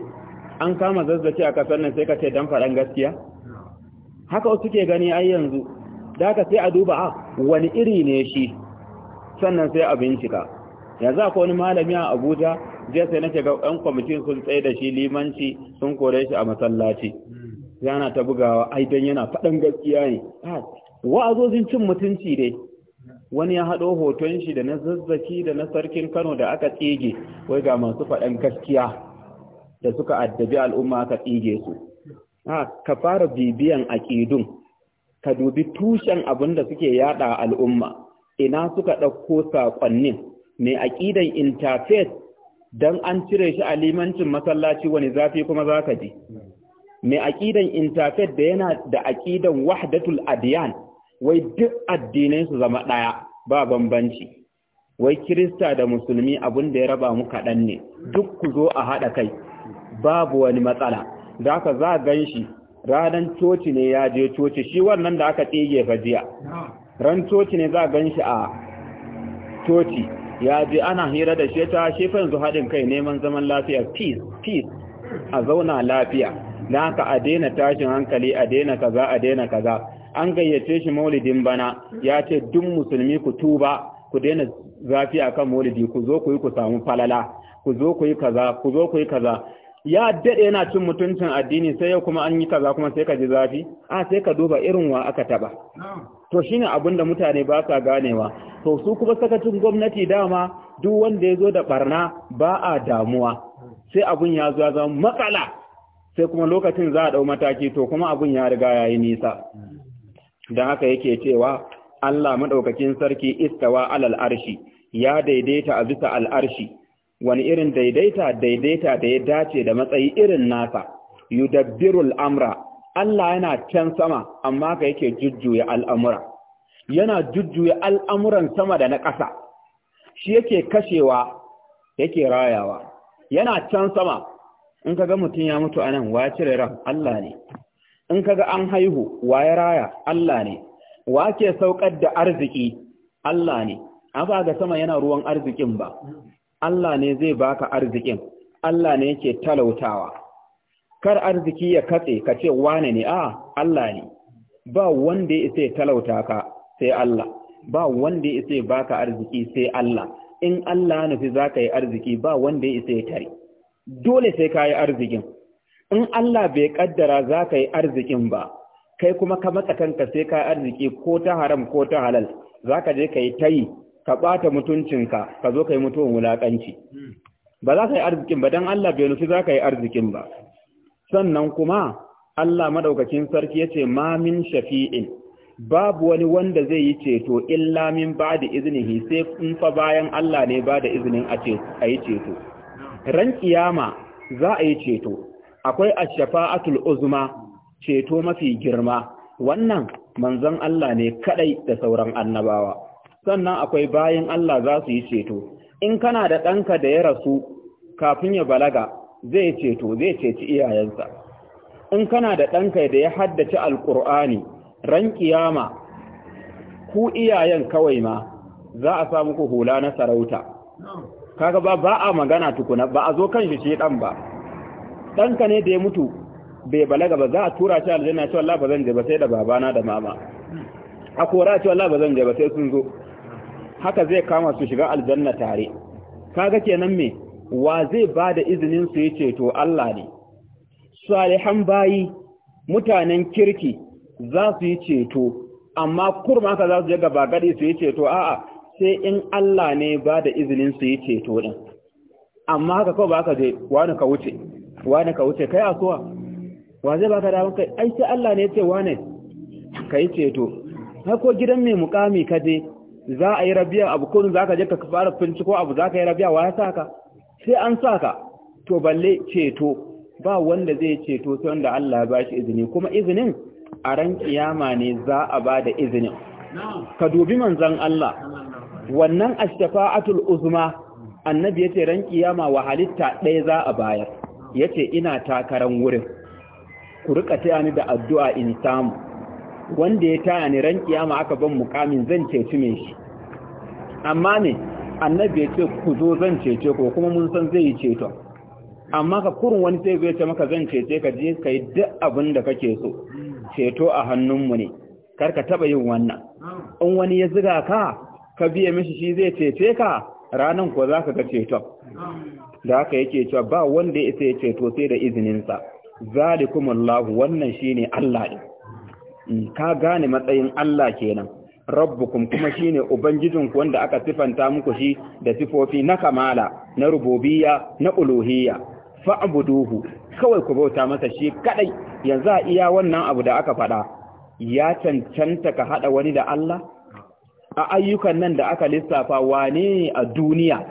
an kama zazzace a kasar nan sai ka ce dan faɗan gaskiya haka wasu ke gani ai yanzu da haka sai a duba a wani iri ne shi sannan sai a bincika yanzu akwai wani malami a abuja zai sai nake ga yan kwamitin sun tsaye da shi limanci sun kore shi a masallaci yana ta bugawa ai dan yana faɗin gaskiya ne wa'azozin cin mutunci dai wani ya haɗo hoton shi da na zazzaki da na sarkin kano da aka tsige wai ga masu faɗan gaskiya da suka addabi al'umma ka tsige su ka fara bibiyan aƙidun ka dubi tushen abin da suke yada al'umma ina suka ɗauko saƙonnin mai aƙidan interfaith don an cire shi a limancin masallaci wani zafi kuma za ka ji mai aƙidan interfaith da yana da aƙidan wahdatul adiyan wai duk addinai su zama ɗaya ba bambanci wai kirista da musulmi abun da ya raba mu kaɗan ne duk ku zo a haɗa kai babu wani matsala za ka za gan shi ranar coci ne ya je coci shi wannan da aka tsige fajiya ran coci ne za gan shi a coci ya ji ana hira da sheta, ta shi ah, haɗin kai neman zaman lafiya peace peace a zauna lafiya na ka a daina tashin hankali a daina kaza a daina kaza an gayyace shi maulidin bana ya ce duk musulmi ku tuba ku daina zafi akan maulidi ku zo ku yi ku samu falala ku zo ku yi kaza ku zo ku yi kaza ya dade yana cin mutuncin addini sai yau kuma an yi kaza kuma sai ka ji zafi a sai ka duba irin wa aka taba to shine abin da mutane ba sa ganewa to su kuma sakacin gwamnati dama duk wanda ya zo da barna ba a damuwa sai abin ya zo ya zama matsala sai kuma lokacin za a ɗau mataki to kuma abin ya riga ya yi nisa dan haka yake cewa Allah madaukakin sarki istawa alal arshi ya daidaita a bisa al'arshi wani irin daidaita daidaita da ya dace da matsayi irin nasa yudabbirul amra Allah yana can sama amma ka yake jujjuya al'amura yana jujjuya al'amuran sama da na ƙasa shi yake kashewa yake rayawa yana can sama in ka ga mutum ya mutu anan wa cire ran Allah ne in ka ga an haihu wa ya raya Allah ne wa ke saukar da arziki Allah ne an ba ga sama yana ruwan arzikin ba Allah ne zai baka arzikin Allah ne yake talautawa kar arziki ya katse ka ce wane ne a ah, Allah ne ba wanda ya isa talauta ka sai Allah ba wanda ya isa baka arziki sai Allah in Allah nufi zaka yi arziki ba wanda ya isa tare dole sai ka yi arzikin in Allah bai kaddara zaka yi arzikin ba kai kuma ka matsa kanka sai ka yi arziki ko ta haram ko ta halal zaka je ka yi tayi ka ɓata mutuncinka ka zo ka yi mutuwan wulaƙanci ba za ka yi arzikin ba don Allah bai nufi za ka yi arzikin ba sannan kuma Allah madaukakin sarki ya ce ma min shafi'in babu wani wanda zai yi ceto illa min ba da izinihi sai in fa bayan Allah ne ba da izinin a yi ceto ran kiyama za a yi ceto akwai ashafa'atul uzma ceto mafi girma wannan manzon Allah ne kadai da sauran annabawa sannan akwai bayan Allah za su yi ceto in kana da ɗanka da ya rasu kafin ya balaga zai ceto zai ceci iyayensa in kana da ɗanka da ya haddace alƙur'ani ran kiyama ku iyayen kawai ma za a sa muku hula na sarauta kaga ba ba a magana tukuna ba a zo kan shi shi ɗan ba ɗanka ne da ya mutu bai balaga ba za a tura shi aljanna cewa Allah ba zan je ba sai da babana da mama a kora cewa Allah ba zan je ba sai sun zo haka zai kama su shiga aljanna tare kaga kenan me wa zai bada izinin su yace to Allah ne salihan bayi mutanen kirki za su yi ceto amma kurma haka za su ga gaba gadi su yi ceto a'a sai in Allah ne ba da izinin su yi ceto din amma haka kawai ba ka je wani ka wuce wani ka wuce kai asuwa wa zai baka damar kai ai sai Allah ne ya ce wani ka yi ceto har ko gidan mai mukami ka je za a yi rabiya abu kudin za ka je ka fara ko abu za ka yi rabiya wa ya sa ka sai an sa ka to balle ceto ba wanda zai ceto sai wanda Allah ya bashi izini kuma izinin a ran kiyama ne za a ba da izinin ka dubi manzon Allah wannan ashfa'atul uzma annabi yace ran kiyama wa halitta ɗaya za a bayar yace ina takaran wurin ku rika ni da addu'a in samu wanda ya taya ni ran kiyama aka ban mukamin zan ceci me shi amma ne annabi ya ce ku zo zan cece ko kuma mun san zai yi ceto amma ka kurun wani sai zai ce maka zan cece ka je ka yi duk abin da kake so ceto a hannunmu ne kar ka taba yin wannan in wani ya ziga ka ka biya mishi shi zai cece ka ranan ko za ka ga ceton da haka yake cewa ba wanda ya isa ya ceto sai da izininsa zalikumullahu wannan shine Allah ne Mm, ka gane matsayin Allah kenan rabbukum kuma shine ubangijinku wanda aka sifanta muku shi da sifofi na kamala na rububiyya na uluhiyya fa'buduhu kawai ku bauta masa shi kadai yanzu a iya wannan abu da aka faɗa ya cancanta ka hada wani da Allah a ayyukan nan da aka lissafa wane a duniya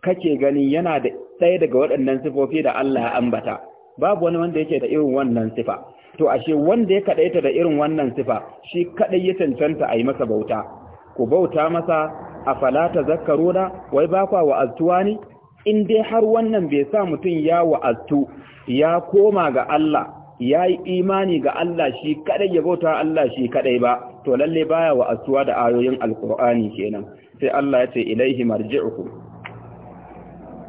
kake gani yana da tsaye daga waɗannan sifofi da Allah ya ambata babu wani wanda yake da irin wannan sifa to ashe wanda ya kadaita da irin wannan sifa shi kaɗai ya cancanta a yi masa bauta ku bauta masa a falata zakkaruna wai ba kwa wa'aztuwa ne in dai har wannan bai sa mutum ya wa'aztu ya koma ga Allah ya yi imani ga Allah shi kaɗai ya bauta Allah shi kaɗai ba to lalle baya wa'aztuwa da ayoyin alkur'ani kenan sai Allah ya ce ilaihi marji'ukum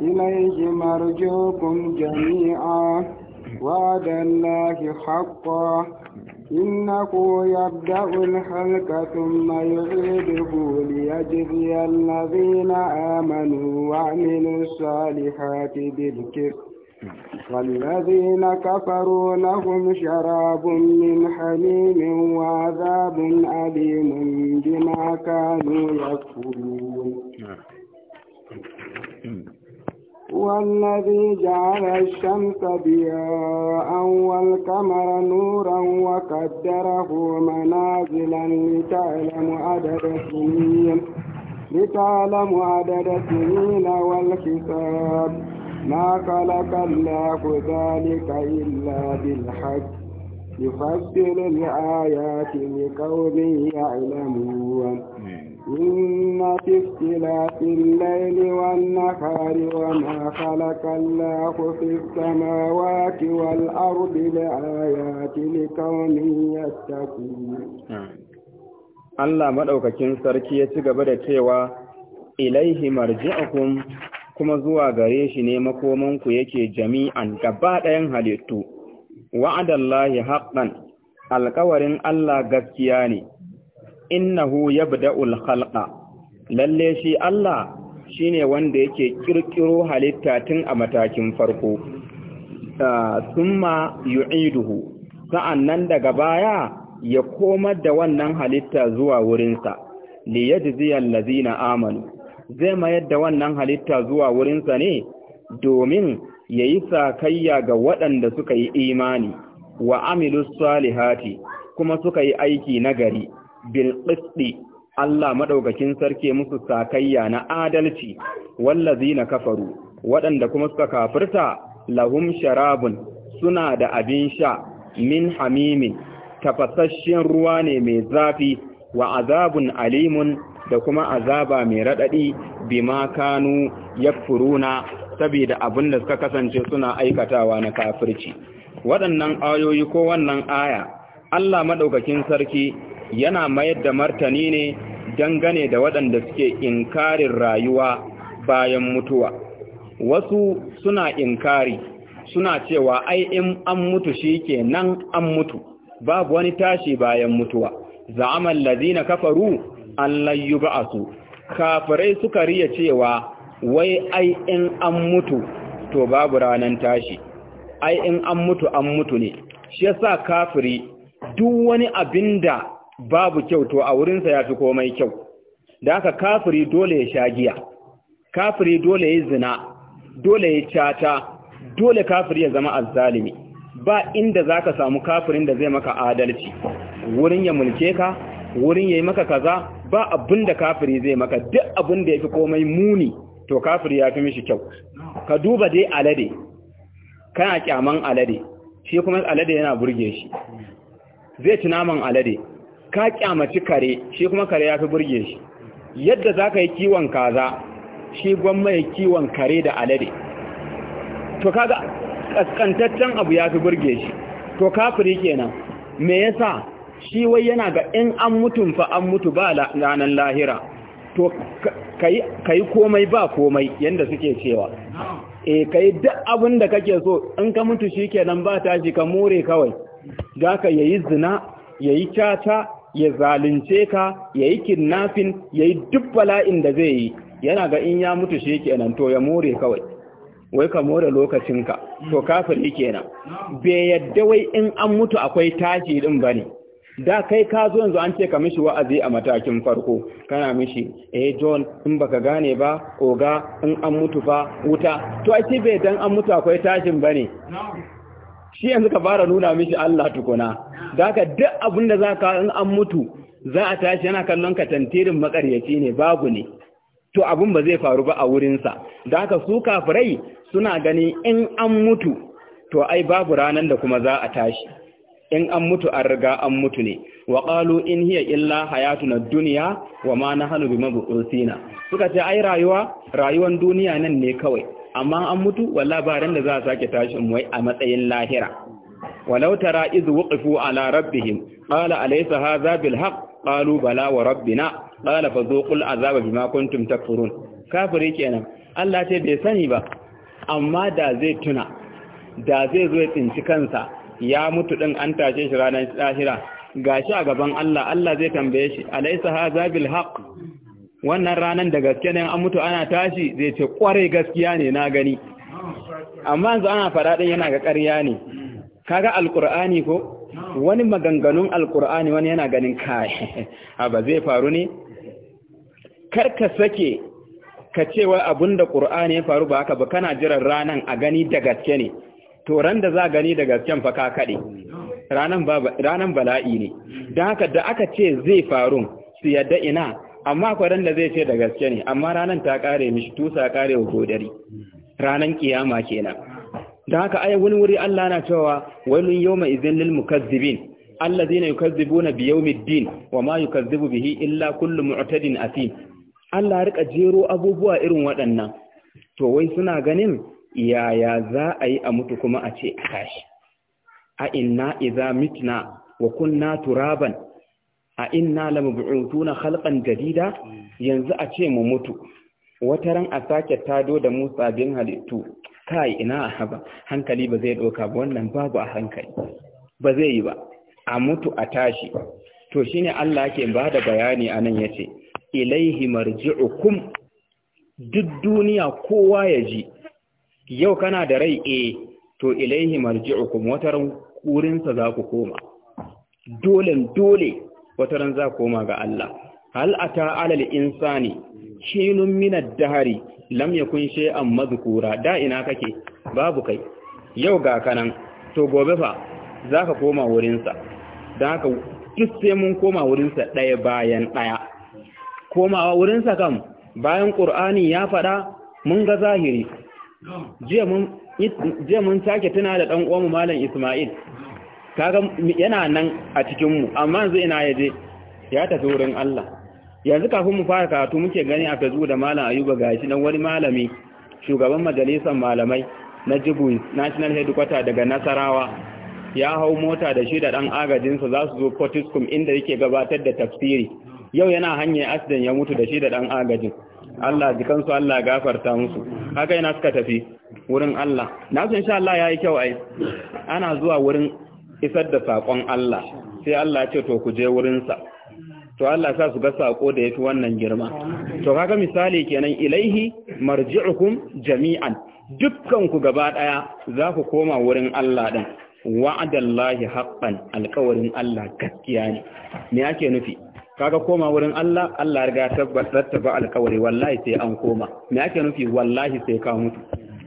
ilaihi marji'ukum jami'a وعد الله حقا إنه يبدأ الخلق ثم يعيده ليجزي الذين آمنوا وعملوا الصالحات بالكفر والذين كفروا لهم شراب من حميم وعذاب أليم بما كانوا يكفرون نعم. هو الذي جعل الشمس ضياء والقمر نورا وقدره منازلا لتعلم عدد السنين لتعلم عدد السنين والحساب ما خلق الله ذلك إلا بالحق يفصل الآيات لقوم يعلمون نعم. إن في اختلاف الليل والنهار وما خلق الله في السماوات والأرض لآيات لقوم يتقون Allah maɗaukakin sarki ya ci gaba da cewa ilaihi marji'akum kuma zuwa gare shi ne makomanku yake jami'an gaba ɗayan halittu wa'adallahi haqqan alƙawarin Allah gaskiya ne innahu yabda'ul khalqa lalle shi Allah shine wanda yake kirkiro halitta tun a matakin farko ah, thumma yu'iduhu sa'annan daga baya ya komar da wannan halitta zuwa wurinsa li yajziyal ladina amanu zai mayar da wannan halitta zuwa wurinsa ne domin yayi sakayya ga waɗanda suka yi imani wa amilus salihati kuma suka yi aiki nagari bil qisti Allah maɗaukakin sarki musu sakayya na adalci wallazi na kafaru waɗanda kuma suka kafirta lahum sharabun suna da abin sha min hamimin tafasasshen ruwa ne mai zafi wa azabun alimun da kuma azaba mai raɗaɗi bima kanu yakfuruna saboda abin da suka kasance suna aikatawa na kafirci waɗannan ayoyi ko wannan aya Allah maɗaukakin sarki yana mayar da martani ne dangane da waɗanda suke inkarin rayuwa bayan mutuwa wasu suna inkari suna cewa ai in an mutu shi ke nan an mutu babu wani tashi bayan mutuwa za'aman na kafaru an layu ba'asu kafirai suka riya cewa wai ai in an mutu to babu ranan tashi ai in an mutu an mutu ne shi yasa kafiri duk wani abinda babu kyau to a wurinsa ya fi komai kyau da haka kafiri dole ya sha giya kafiri dole ya zina dole ya cata dole kafiri ya zama azzalimi ba inda za ka samu kafirin da zai maka adalci wurin ya mulke ka wurin ya yi maka kaza ba abin da kafiri zai maka duk abin da ya fi komai muni to kafiri ya fi mishi kyau ka duba dai alade kana kyaman alade shi kuma alade yana burge shi zai ci naman alade ka kyamaci kare shi kuma kare ya fi burge shi yadda za ka yi kiwon kaza shi gwamma ya kiwon kare da alade to kaga kaskantaccen abu ya fi burge shi to kafiri kenan me yasa shi wai yana ga in an mutum fa an mutu ba ranar lahira to ka yi komai ba komai yadda suke cewa e ka yi duk abin da kake so in ka mutu shi kenan ba tashi ka more kawai za ka yayi zina yayi cata ya zalunce ka ya yi kidnafin ya yi duk bala'in da zai yi yana ga in ya mutu shi nan to ya more kawai wai ka more lokacinka to kafin ike nan. bai yadda wai in an mutu akwai tashi din ba ne. da kai ka zo yanzu an ce ka mishi wa'azi a matakin farko kana mishi eh John in baka gane ba oga in an mutu ba wuta to ai bai dan an mutu akwai tashin ba ne. shi yanzu ka fara nuna mishi Allah tukuna da haka duk abin da za ka in an mutu za a tashi yana kallon ka tantirin makaryaci ne babu ne to abin ba zai faru ba a wurinsa da haka su kafirai suna gani in an mutu to ai babu ranan da kuma za a tashi in an mutu an riga an mutu ne wa qalu in hiya illa hayatuna duniya wa ma nahnu bimabu'usina suka ce ai rayuwa rayuwan duniya nan ne kawai amma an mutu wallahi ba ran da za a sake tashin wai a matsayin lahira walau tara iz wuqifu ala rabbihim qala alaysa hadha bil haqq qalu bala wa rabbina qala fadhuqul azaba bima kuntum takfurun kafiri kenan Allah ce bai sani ba amma da zai tuna da zai zo ya tsinci kansa ya mutu din an tashe shi ranar lahira gashi a gaban Allah Allah zai tambaye shi alaysa hadha bil haqq wannan ranan da gaske ne an mutu ana tashi zai ce kwarai gaskiya ne na gani amma yanzu ana fara din yana ga ƙarya ne kaga alqur'ani ko wani maganganun alqur'ani wani yana ganin kai [laughs] ba zai faru ne kar ka sake ka ce wai abinda qur'ani ya faru ba haka ba kana jiran ranan a gani da gaske ne to ran da za gani da gasken fa ka kade ranan bala'i ne dan haka da aka ce zai faru su yadda ina amma akwai ran da zai ce da gaske ne amma ranan ta kare mishi tusa kare wa godari ranan kiyama kenan don haka ai wani wuri Allah na cewa wailun yawma idzin lil mukazzibin allazina yukazzibuna bi yawmiddin wama yukazzibu bihi illa kullu mu'tadin asim Allah rika jero abubuwa irin waɗannan to wai suna ganin yaya za a yi a mutu kuma a ce a tashi a inna idza mitna wa kunna turaban a inna na khalqan jadida yanzu a ce mu mutu wata ran a sake tado da Musa bin halittu kai ina a haba hankali ba zai doka ba wannan babu a hankali ba zai yi ba a mutu a tashi to shine Allah yake ba da bayani anan yace ilaihi marji'ukum duk duniya kowa ya ji yau kana da rai eh to ilaihi marji'ukum wata ran kurinsa za ku koma dole dole wata ran za koma ga Allah hal ata alal insani shinun minad dahari lam yakun shay'an madhkura da ina kake babu kai yau ga kanan to gobe fa ka koma wurin sa dan haka duk mun koma wurin ɗaya daya bayan daya komawa wurin sa kam bayan ƙur'ani ya faɗa mun ga zahiri jiya mun sake take tuna da dan uwan malam Isma'il kaga yana nan a cikin mu amma yanzu ina yaje ya tafi wurin Allah yanzu kafin mu fara karatu muke gani a Facebook da malam Ayuba gashi nan wani malami shugaban majalisar malamai na Jibu National Headquarter daga Nasarawa ya hau mota da shi da dan agajinsa za su zo Fortiscum inda yake gabatar da tafsiri yau yana hanyar accident ya mutu da shi da dan agajin Allah su Allah gafarta musu haka yana suka tafi wurin Allah na san insha Allah yayi kyau ai ana zuwa wurin isar da saƙon Allah sai Allah ce to ku je wurinsa to Allah sa su ga saƙo da ya fi wannan girma to kaga misali kenan ilaihi marji'ukum jami'an dukkanku gaba ɗaya za ku koma wurin Allah ɗin wa'adallahi haqqan alƙawarin Allah gaskiya ne me yake nufi kaga koma wurin Allah Allah ya riga tabbatar ba alƙawari wallahi sai an koma me ake nufi wallahi sai ka mutu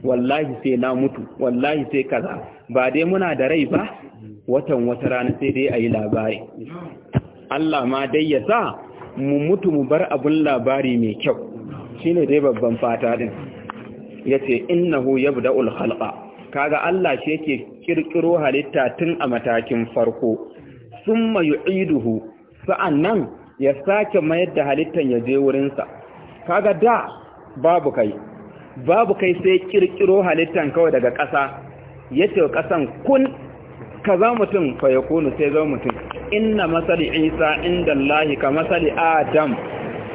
wallahi sai na mutu wallahi sai kaza ba dai muna da rai ba watan wata rana sai dai a yi labari Allah ma dai ya sa mu mutu mu bar abun labari mai kyau Shi ne dai babban fata din Ya yace innahu yabda'ul khalqa kaga Allah shi yake ƙirƙiro halitta tun a matakin farko sun summa sa'an nan ya sake mayar da halittan ya je wurinsa. kaga da babu kai babu kai sai ƙirƙiro halittan kawai daga ƙasa yace ƙasan kun kaza mutum fa kunu sai zama mutum inna masali isa inda allahi ka masali adam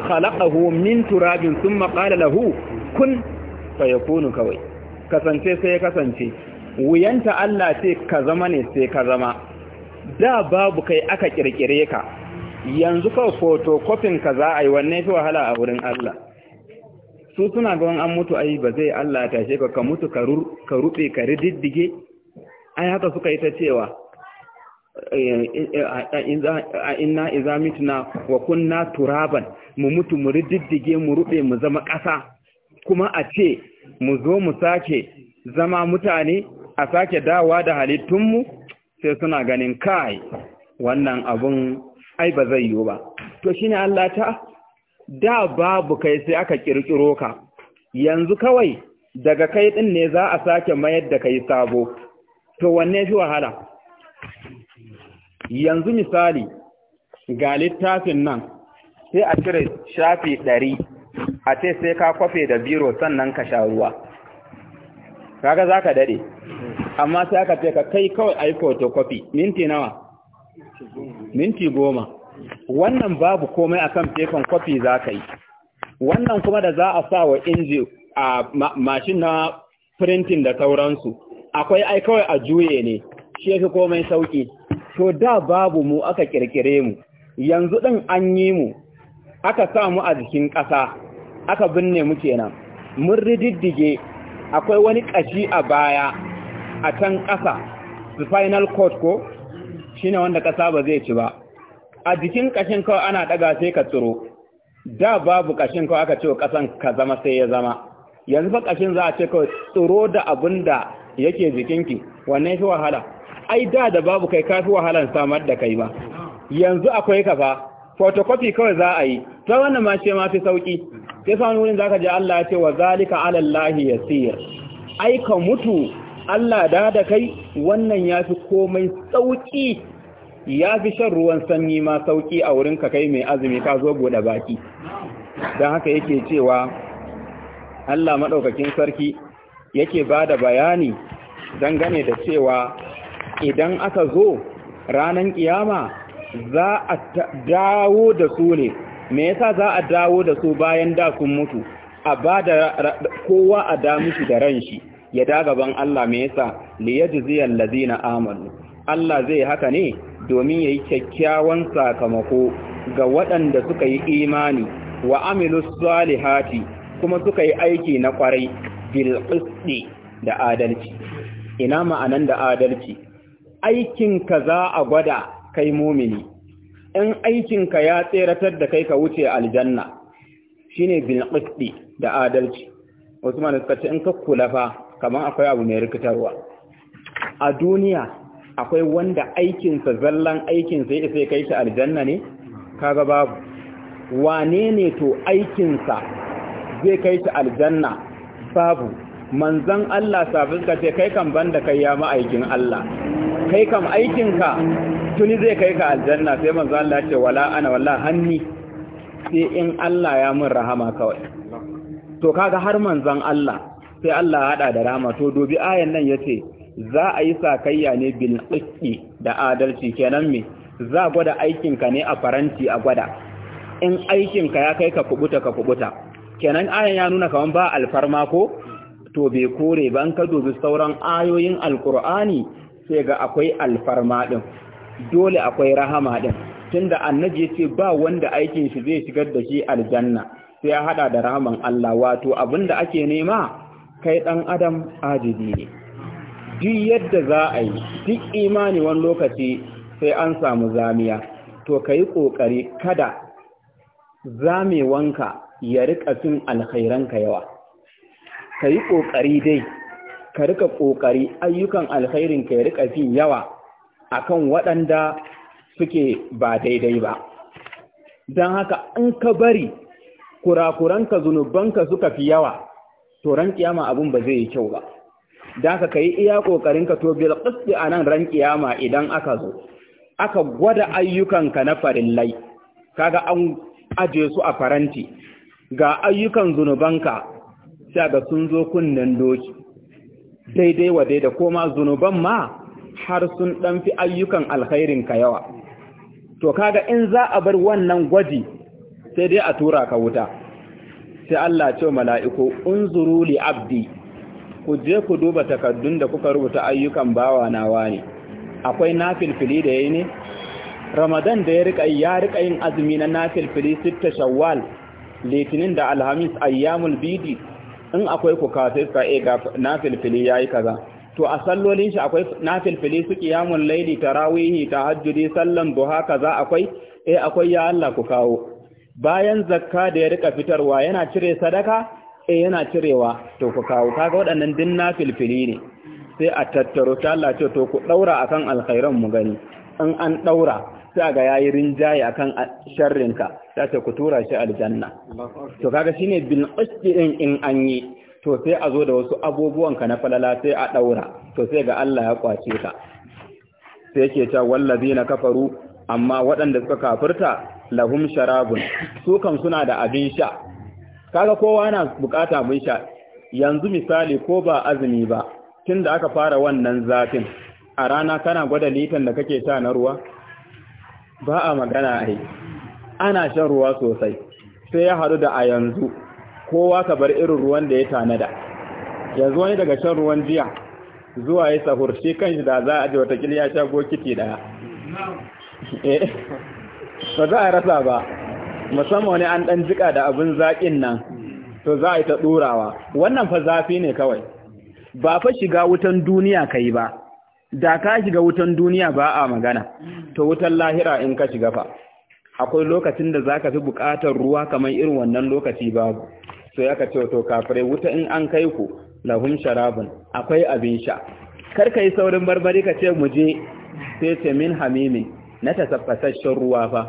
khalaqahu min turabin thumma qala lahu kun fa kunu kawai kasance sai ya kasance wuyanta Allah ce ka zama ne sai ka zama da babu kai aka kirkire ka yanzu kawai photocopying ka za a yi wannan fi wahala a wurin Allah su suna ga an mutu ai ba zai Allah ta ka ka mutu ka rube ka rididdige ai haka suka yi ta cewa eh, eh, eh, inna iza mitna wa kunna turaban mu mutu mu riddige mu rube mu zama ƙasa kuma a ce mu zo mu sake zama mutane a sake dawa da halittunmu sai suna ganin kai wannan abun ai ba zai yiwu ba to shine Allah ta da babu kai sai aka kirkiro ka yanzu kawai daga kai din ne za a sake mayar da kai sabo to wanne fi wahala yanzu misali ga littafin nan sai a cire shafi ɗari a ce sai ka kwafe da biro sannan ka sha ruwa kaga za ka daɗe amma sai aka ce ka kai kawai a yi photocopy minti nawa minti goma wannan babu komai akan fefan kwafi za ka yi wannan kuma da za a sa wa inji a mashin na firintin da sauransu akwai ai kawai a juye ne shi yake komai sauki to da babu mu aka kirkire mu yanzu din an yi mu aka sa mu a jikin ƙasa aka binne mu kenan mun rididdige akwai wani kashi a baya a can ƙasa final court ko shine wanda ƙasa ba zai ci ba a jikin ƙashin kawai ana ɗaga sai ka tsiro da babu kashin kawai aka ce ƙasan ka zama sai ya zama yanzu fa ƙashin za a ce kawai tsiro da abin da yake jikinki wannan fi wahala ai da da babu kai kafi wahalan samar da kai ba yanzu akwai ka fa photocopy kawai za a yi ta wannan ma ce ma fi sauki sai sa wurin zaka je Allah ya ce wa zalika ala Allah yasir ai ka mutu Allah da da kai wannan yafi komai sauki fi shan ruwan sanyi ma sauki a wurin ka kai mai azumi ka zo bude baki dan haka yake cewa Allah madaukakin sarki yake bada bayani dangane da cewa idan aka zo ranar kiyama za a dawo da su ne me yasa za a dawo da su bayan da sun mutu a ba da kowa a damu shi da ran shi ya da gaban Allah me yasa yajziyal ladina amanu Allah zai haka ne domin yayi kyakkyawan sakamako ga waɗanda suka yi imani wa amilus salihati kuma suka yi aiki na kwarai bil qisti da adalci ina ma'anan da adalci aikinka za a gwada kai mumini Yan aikinka ya tseratar da kai ka wuce aljanna shine bilqisti da adalci Wasu suka ce in ka kula fa kamar akwai abu mai rikitarwa a duniya akwai wanda aikinsa zallan aikinsa ya sai kai shi aljanna ne kaga babu wane ne to aikinsa zai kai shi aljanna babu manzan Allah sabin ce kai kan banda kai ya ma'aikin Allah kai kam aikinka tuni zai kai ka aljanna sai manzan Allah ce wala ana wala hanni sai in Allah ya mun rahama kawai to kaga har manzan Allah sai Allah hada da rahama to dobi ayan nan yace za a yi sakayya ne bil da adalci kenan me za gwada aikinka ne a faranti a gwada in aikinka ya kai ka kubuta ka kubuta kenan ayan ya nuna kamar ba alfarma ko to bai kore ba ka dubi sauran ayoyin alkur'ani sai ga akwai alfarma din dole akwai rahama din tunda annabi yace ba wanda aikin shi zai shigar da shi aljanna sai ya hada da rahaman Allah wato abinda ake nema kai dan adam ajibi ne duk yadda za a yi duk imani wani lokaci sai an samu zamiya to kai kokari kada zamewanka ya rika cin alkhairanka yawa ka yi ƙoƙari dai ka rika ƙoƙari ayyukan alkhairin ka rika fi yawa akan waɗanda suke ba daidai ba don haka an ka bari kurakuranka zunubanka suka fi yawa to ran kiyama abun ba zai yi kyau ba da haka ka yi iya ƙoƙarinka to bil ƙasɗi a nan ran kiyama idan aka zo aka gwada ayyukanka na farillai kaga an aje su a faranti ga ayyukan zunubanka da sun zo kunnen doki daidai wa daida koma zunuban ma har sun ɗan fi ayyukan alkhairin ka yawa to kaga in za a bar wannan gwaji sai dai a tura ka wuta sai Allah ce mala'iku unzuru li abdi ku je ku duba takaddun da kuka rubuta ayyukan bawa nawa ne akwai nafilfili da yayi ne Ramadan da ya rika ya rika yin azumi na nafilfili sitta Shawwal Litinin da Alhamis ayyamul bidi in akwai kuka sai suka e ga na yayi kaza to a sallolin shi akwai nafilfili su qiyamul laili tarawihi tahajjudi sallan duha kaza akwai eh akwai ya Allah ku kawo bayan zakka da ya rika fitarwa yana cire sadaka eh yana cirewa to ku kawo kaga waɗannan din nafilfili ne sai a tattaro ta Allah ce to ku daura akan alkhairan mu gani in an ɗaura sai ga yayi rinjaye akan sharrinka ta ce ku tura shi aljanna to kaga shine bil qisti din in an yi to sai a zo da wasu abubuwanka na falala sai a ɗaura to sai ga Allah ya kwace ka sai yake wallafi wallazina kafaru amma waɗanda suka kafirta lahum sharabun su kan suna da abin sha kaga kowa yana bukata mun sha yanzu misali ko ba azumi ba tunda aka fara wannan zafin a rana kana gwada litan da kake sha na ruwa ba a magana a yi ana shan ruwa sosai sai ya haɗu da a yanzu kowa ka bar irin ruwan da ya tanada yanzu wani daga shan ruwan jiya zuwa ya sahur shi kan shi da za a ji watakila ya sha bokiti daya [laughs] eh, ba za a rasa ba musamman wani an ɗan jika da abin zaƙin nan to za a yi ta ɗurawa wannan fa zafi ne kawai ba fa shiga wutan duniya ka yi ba da ka shiga wutan duniya ba a magana to wutan lahira in ka shiga fa akwai lokacin da zaka fi buƙatar ruwa kamar irin wannan lokaci babu so yaka ce to kafirai wuta in an kai ku lahum sharabun akwai abin sha kar kai saurin barbari ka ce mu je sai ce min hamimin na tasaffasashen ruwa fa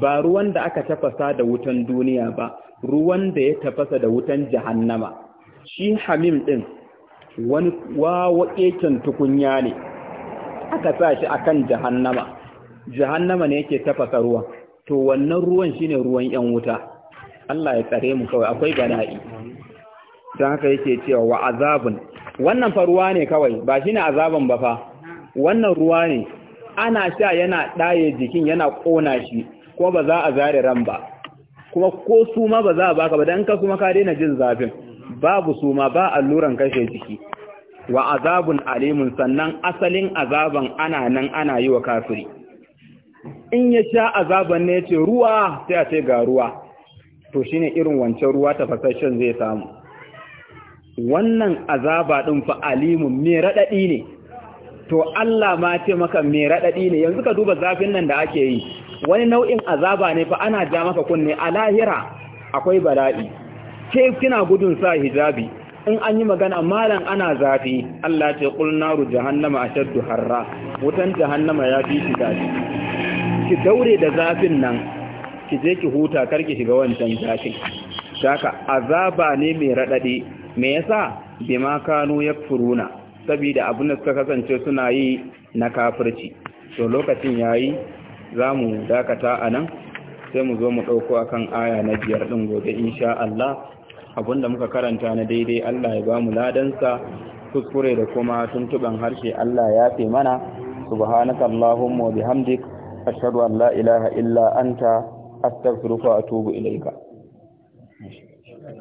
ba ruwan da aka tafasa da wutan duniya ba ruwan da ya tafasa da wutan jahannama shi hamim din wani wawaƙeƙen tukunya ne aka sa shi akan jahannama jahannama ne yake tafasa ruwan to wannan ruwan shine ruwan yan wuta Allah ya tsare mu kawai akwai bala'i don haka yake cewa wa azabun wannan fa ruwa ne kawai ba shine azaban ba fa wannan ruwa ne ana sha yana ɗaye jikin yana ƙona shi ko ba za a zare ran ba kuma ko suma ba za a baka ba don ka suma ka daina jin zafin babu suma ba alluran kashe jiki wa azabun alimun sannan asalin azaban ana nan ana yi wa kafiri in ya sha azaban ne ce ruwa sai a ce ga ruwa to shine irin wancan ruwa tafasashen zai samu wannan azaba din fa alimun me radadi ne to Allah ma ce maka me radadi ne yanzu ka duba zafin nan da ake yi wani nau'in azaba ne fa ana ja maka kunne a lahira akwai bala'i ke kina gudun sa hijabi in an yi magana malam ana zafi Allah ce qul naru jahannama ashaddu harra wutan jahannama ya fi shi zafi ki daure da zafin nan ki je ki huta kar ki shiga wancan zafin saka azaba ne mai radade me yasa bima kanu yakfuruna saboda abun da suka kasance suna yi na kafirci to lokacin yayi zamu dakata anan sai mu zo mu dauko akan aya na biyar din gobe insha Allah abinda muka karanta na daidai Allah ya bamu ladansa kuskure da kuma tuntuban harshe Allah ya fi mana subhanaka allahumma wa bihamdik ashhadu an la ilaha illa anta astaghfiruka wa atubu ilaika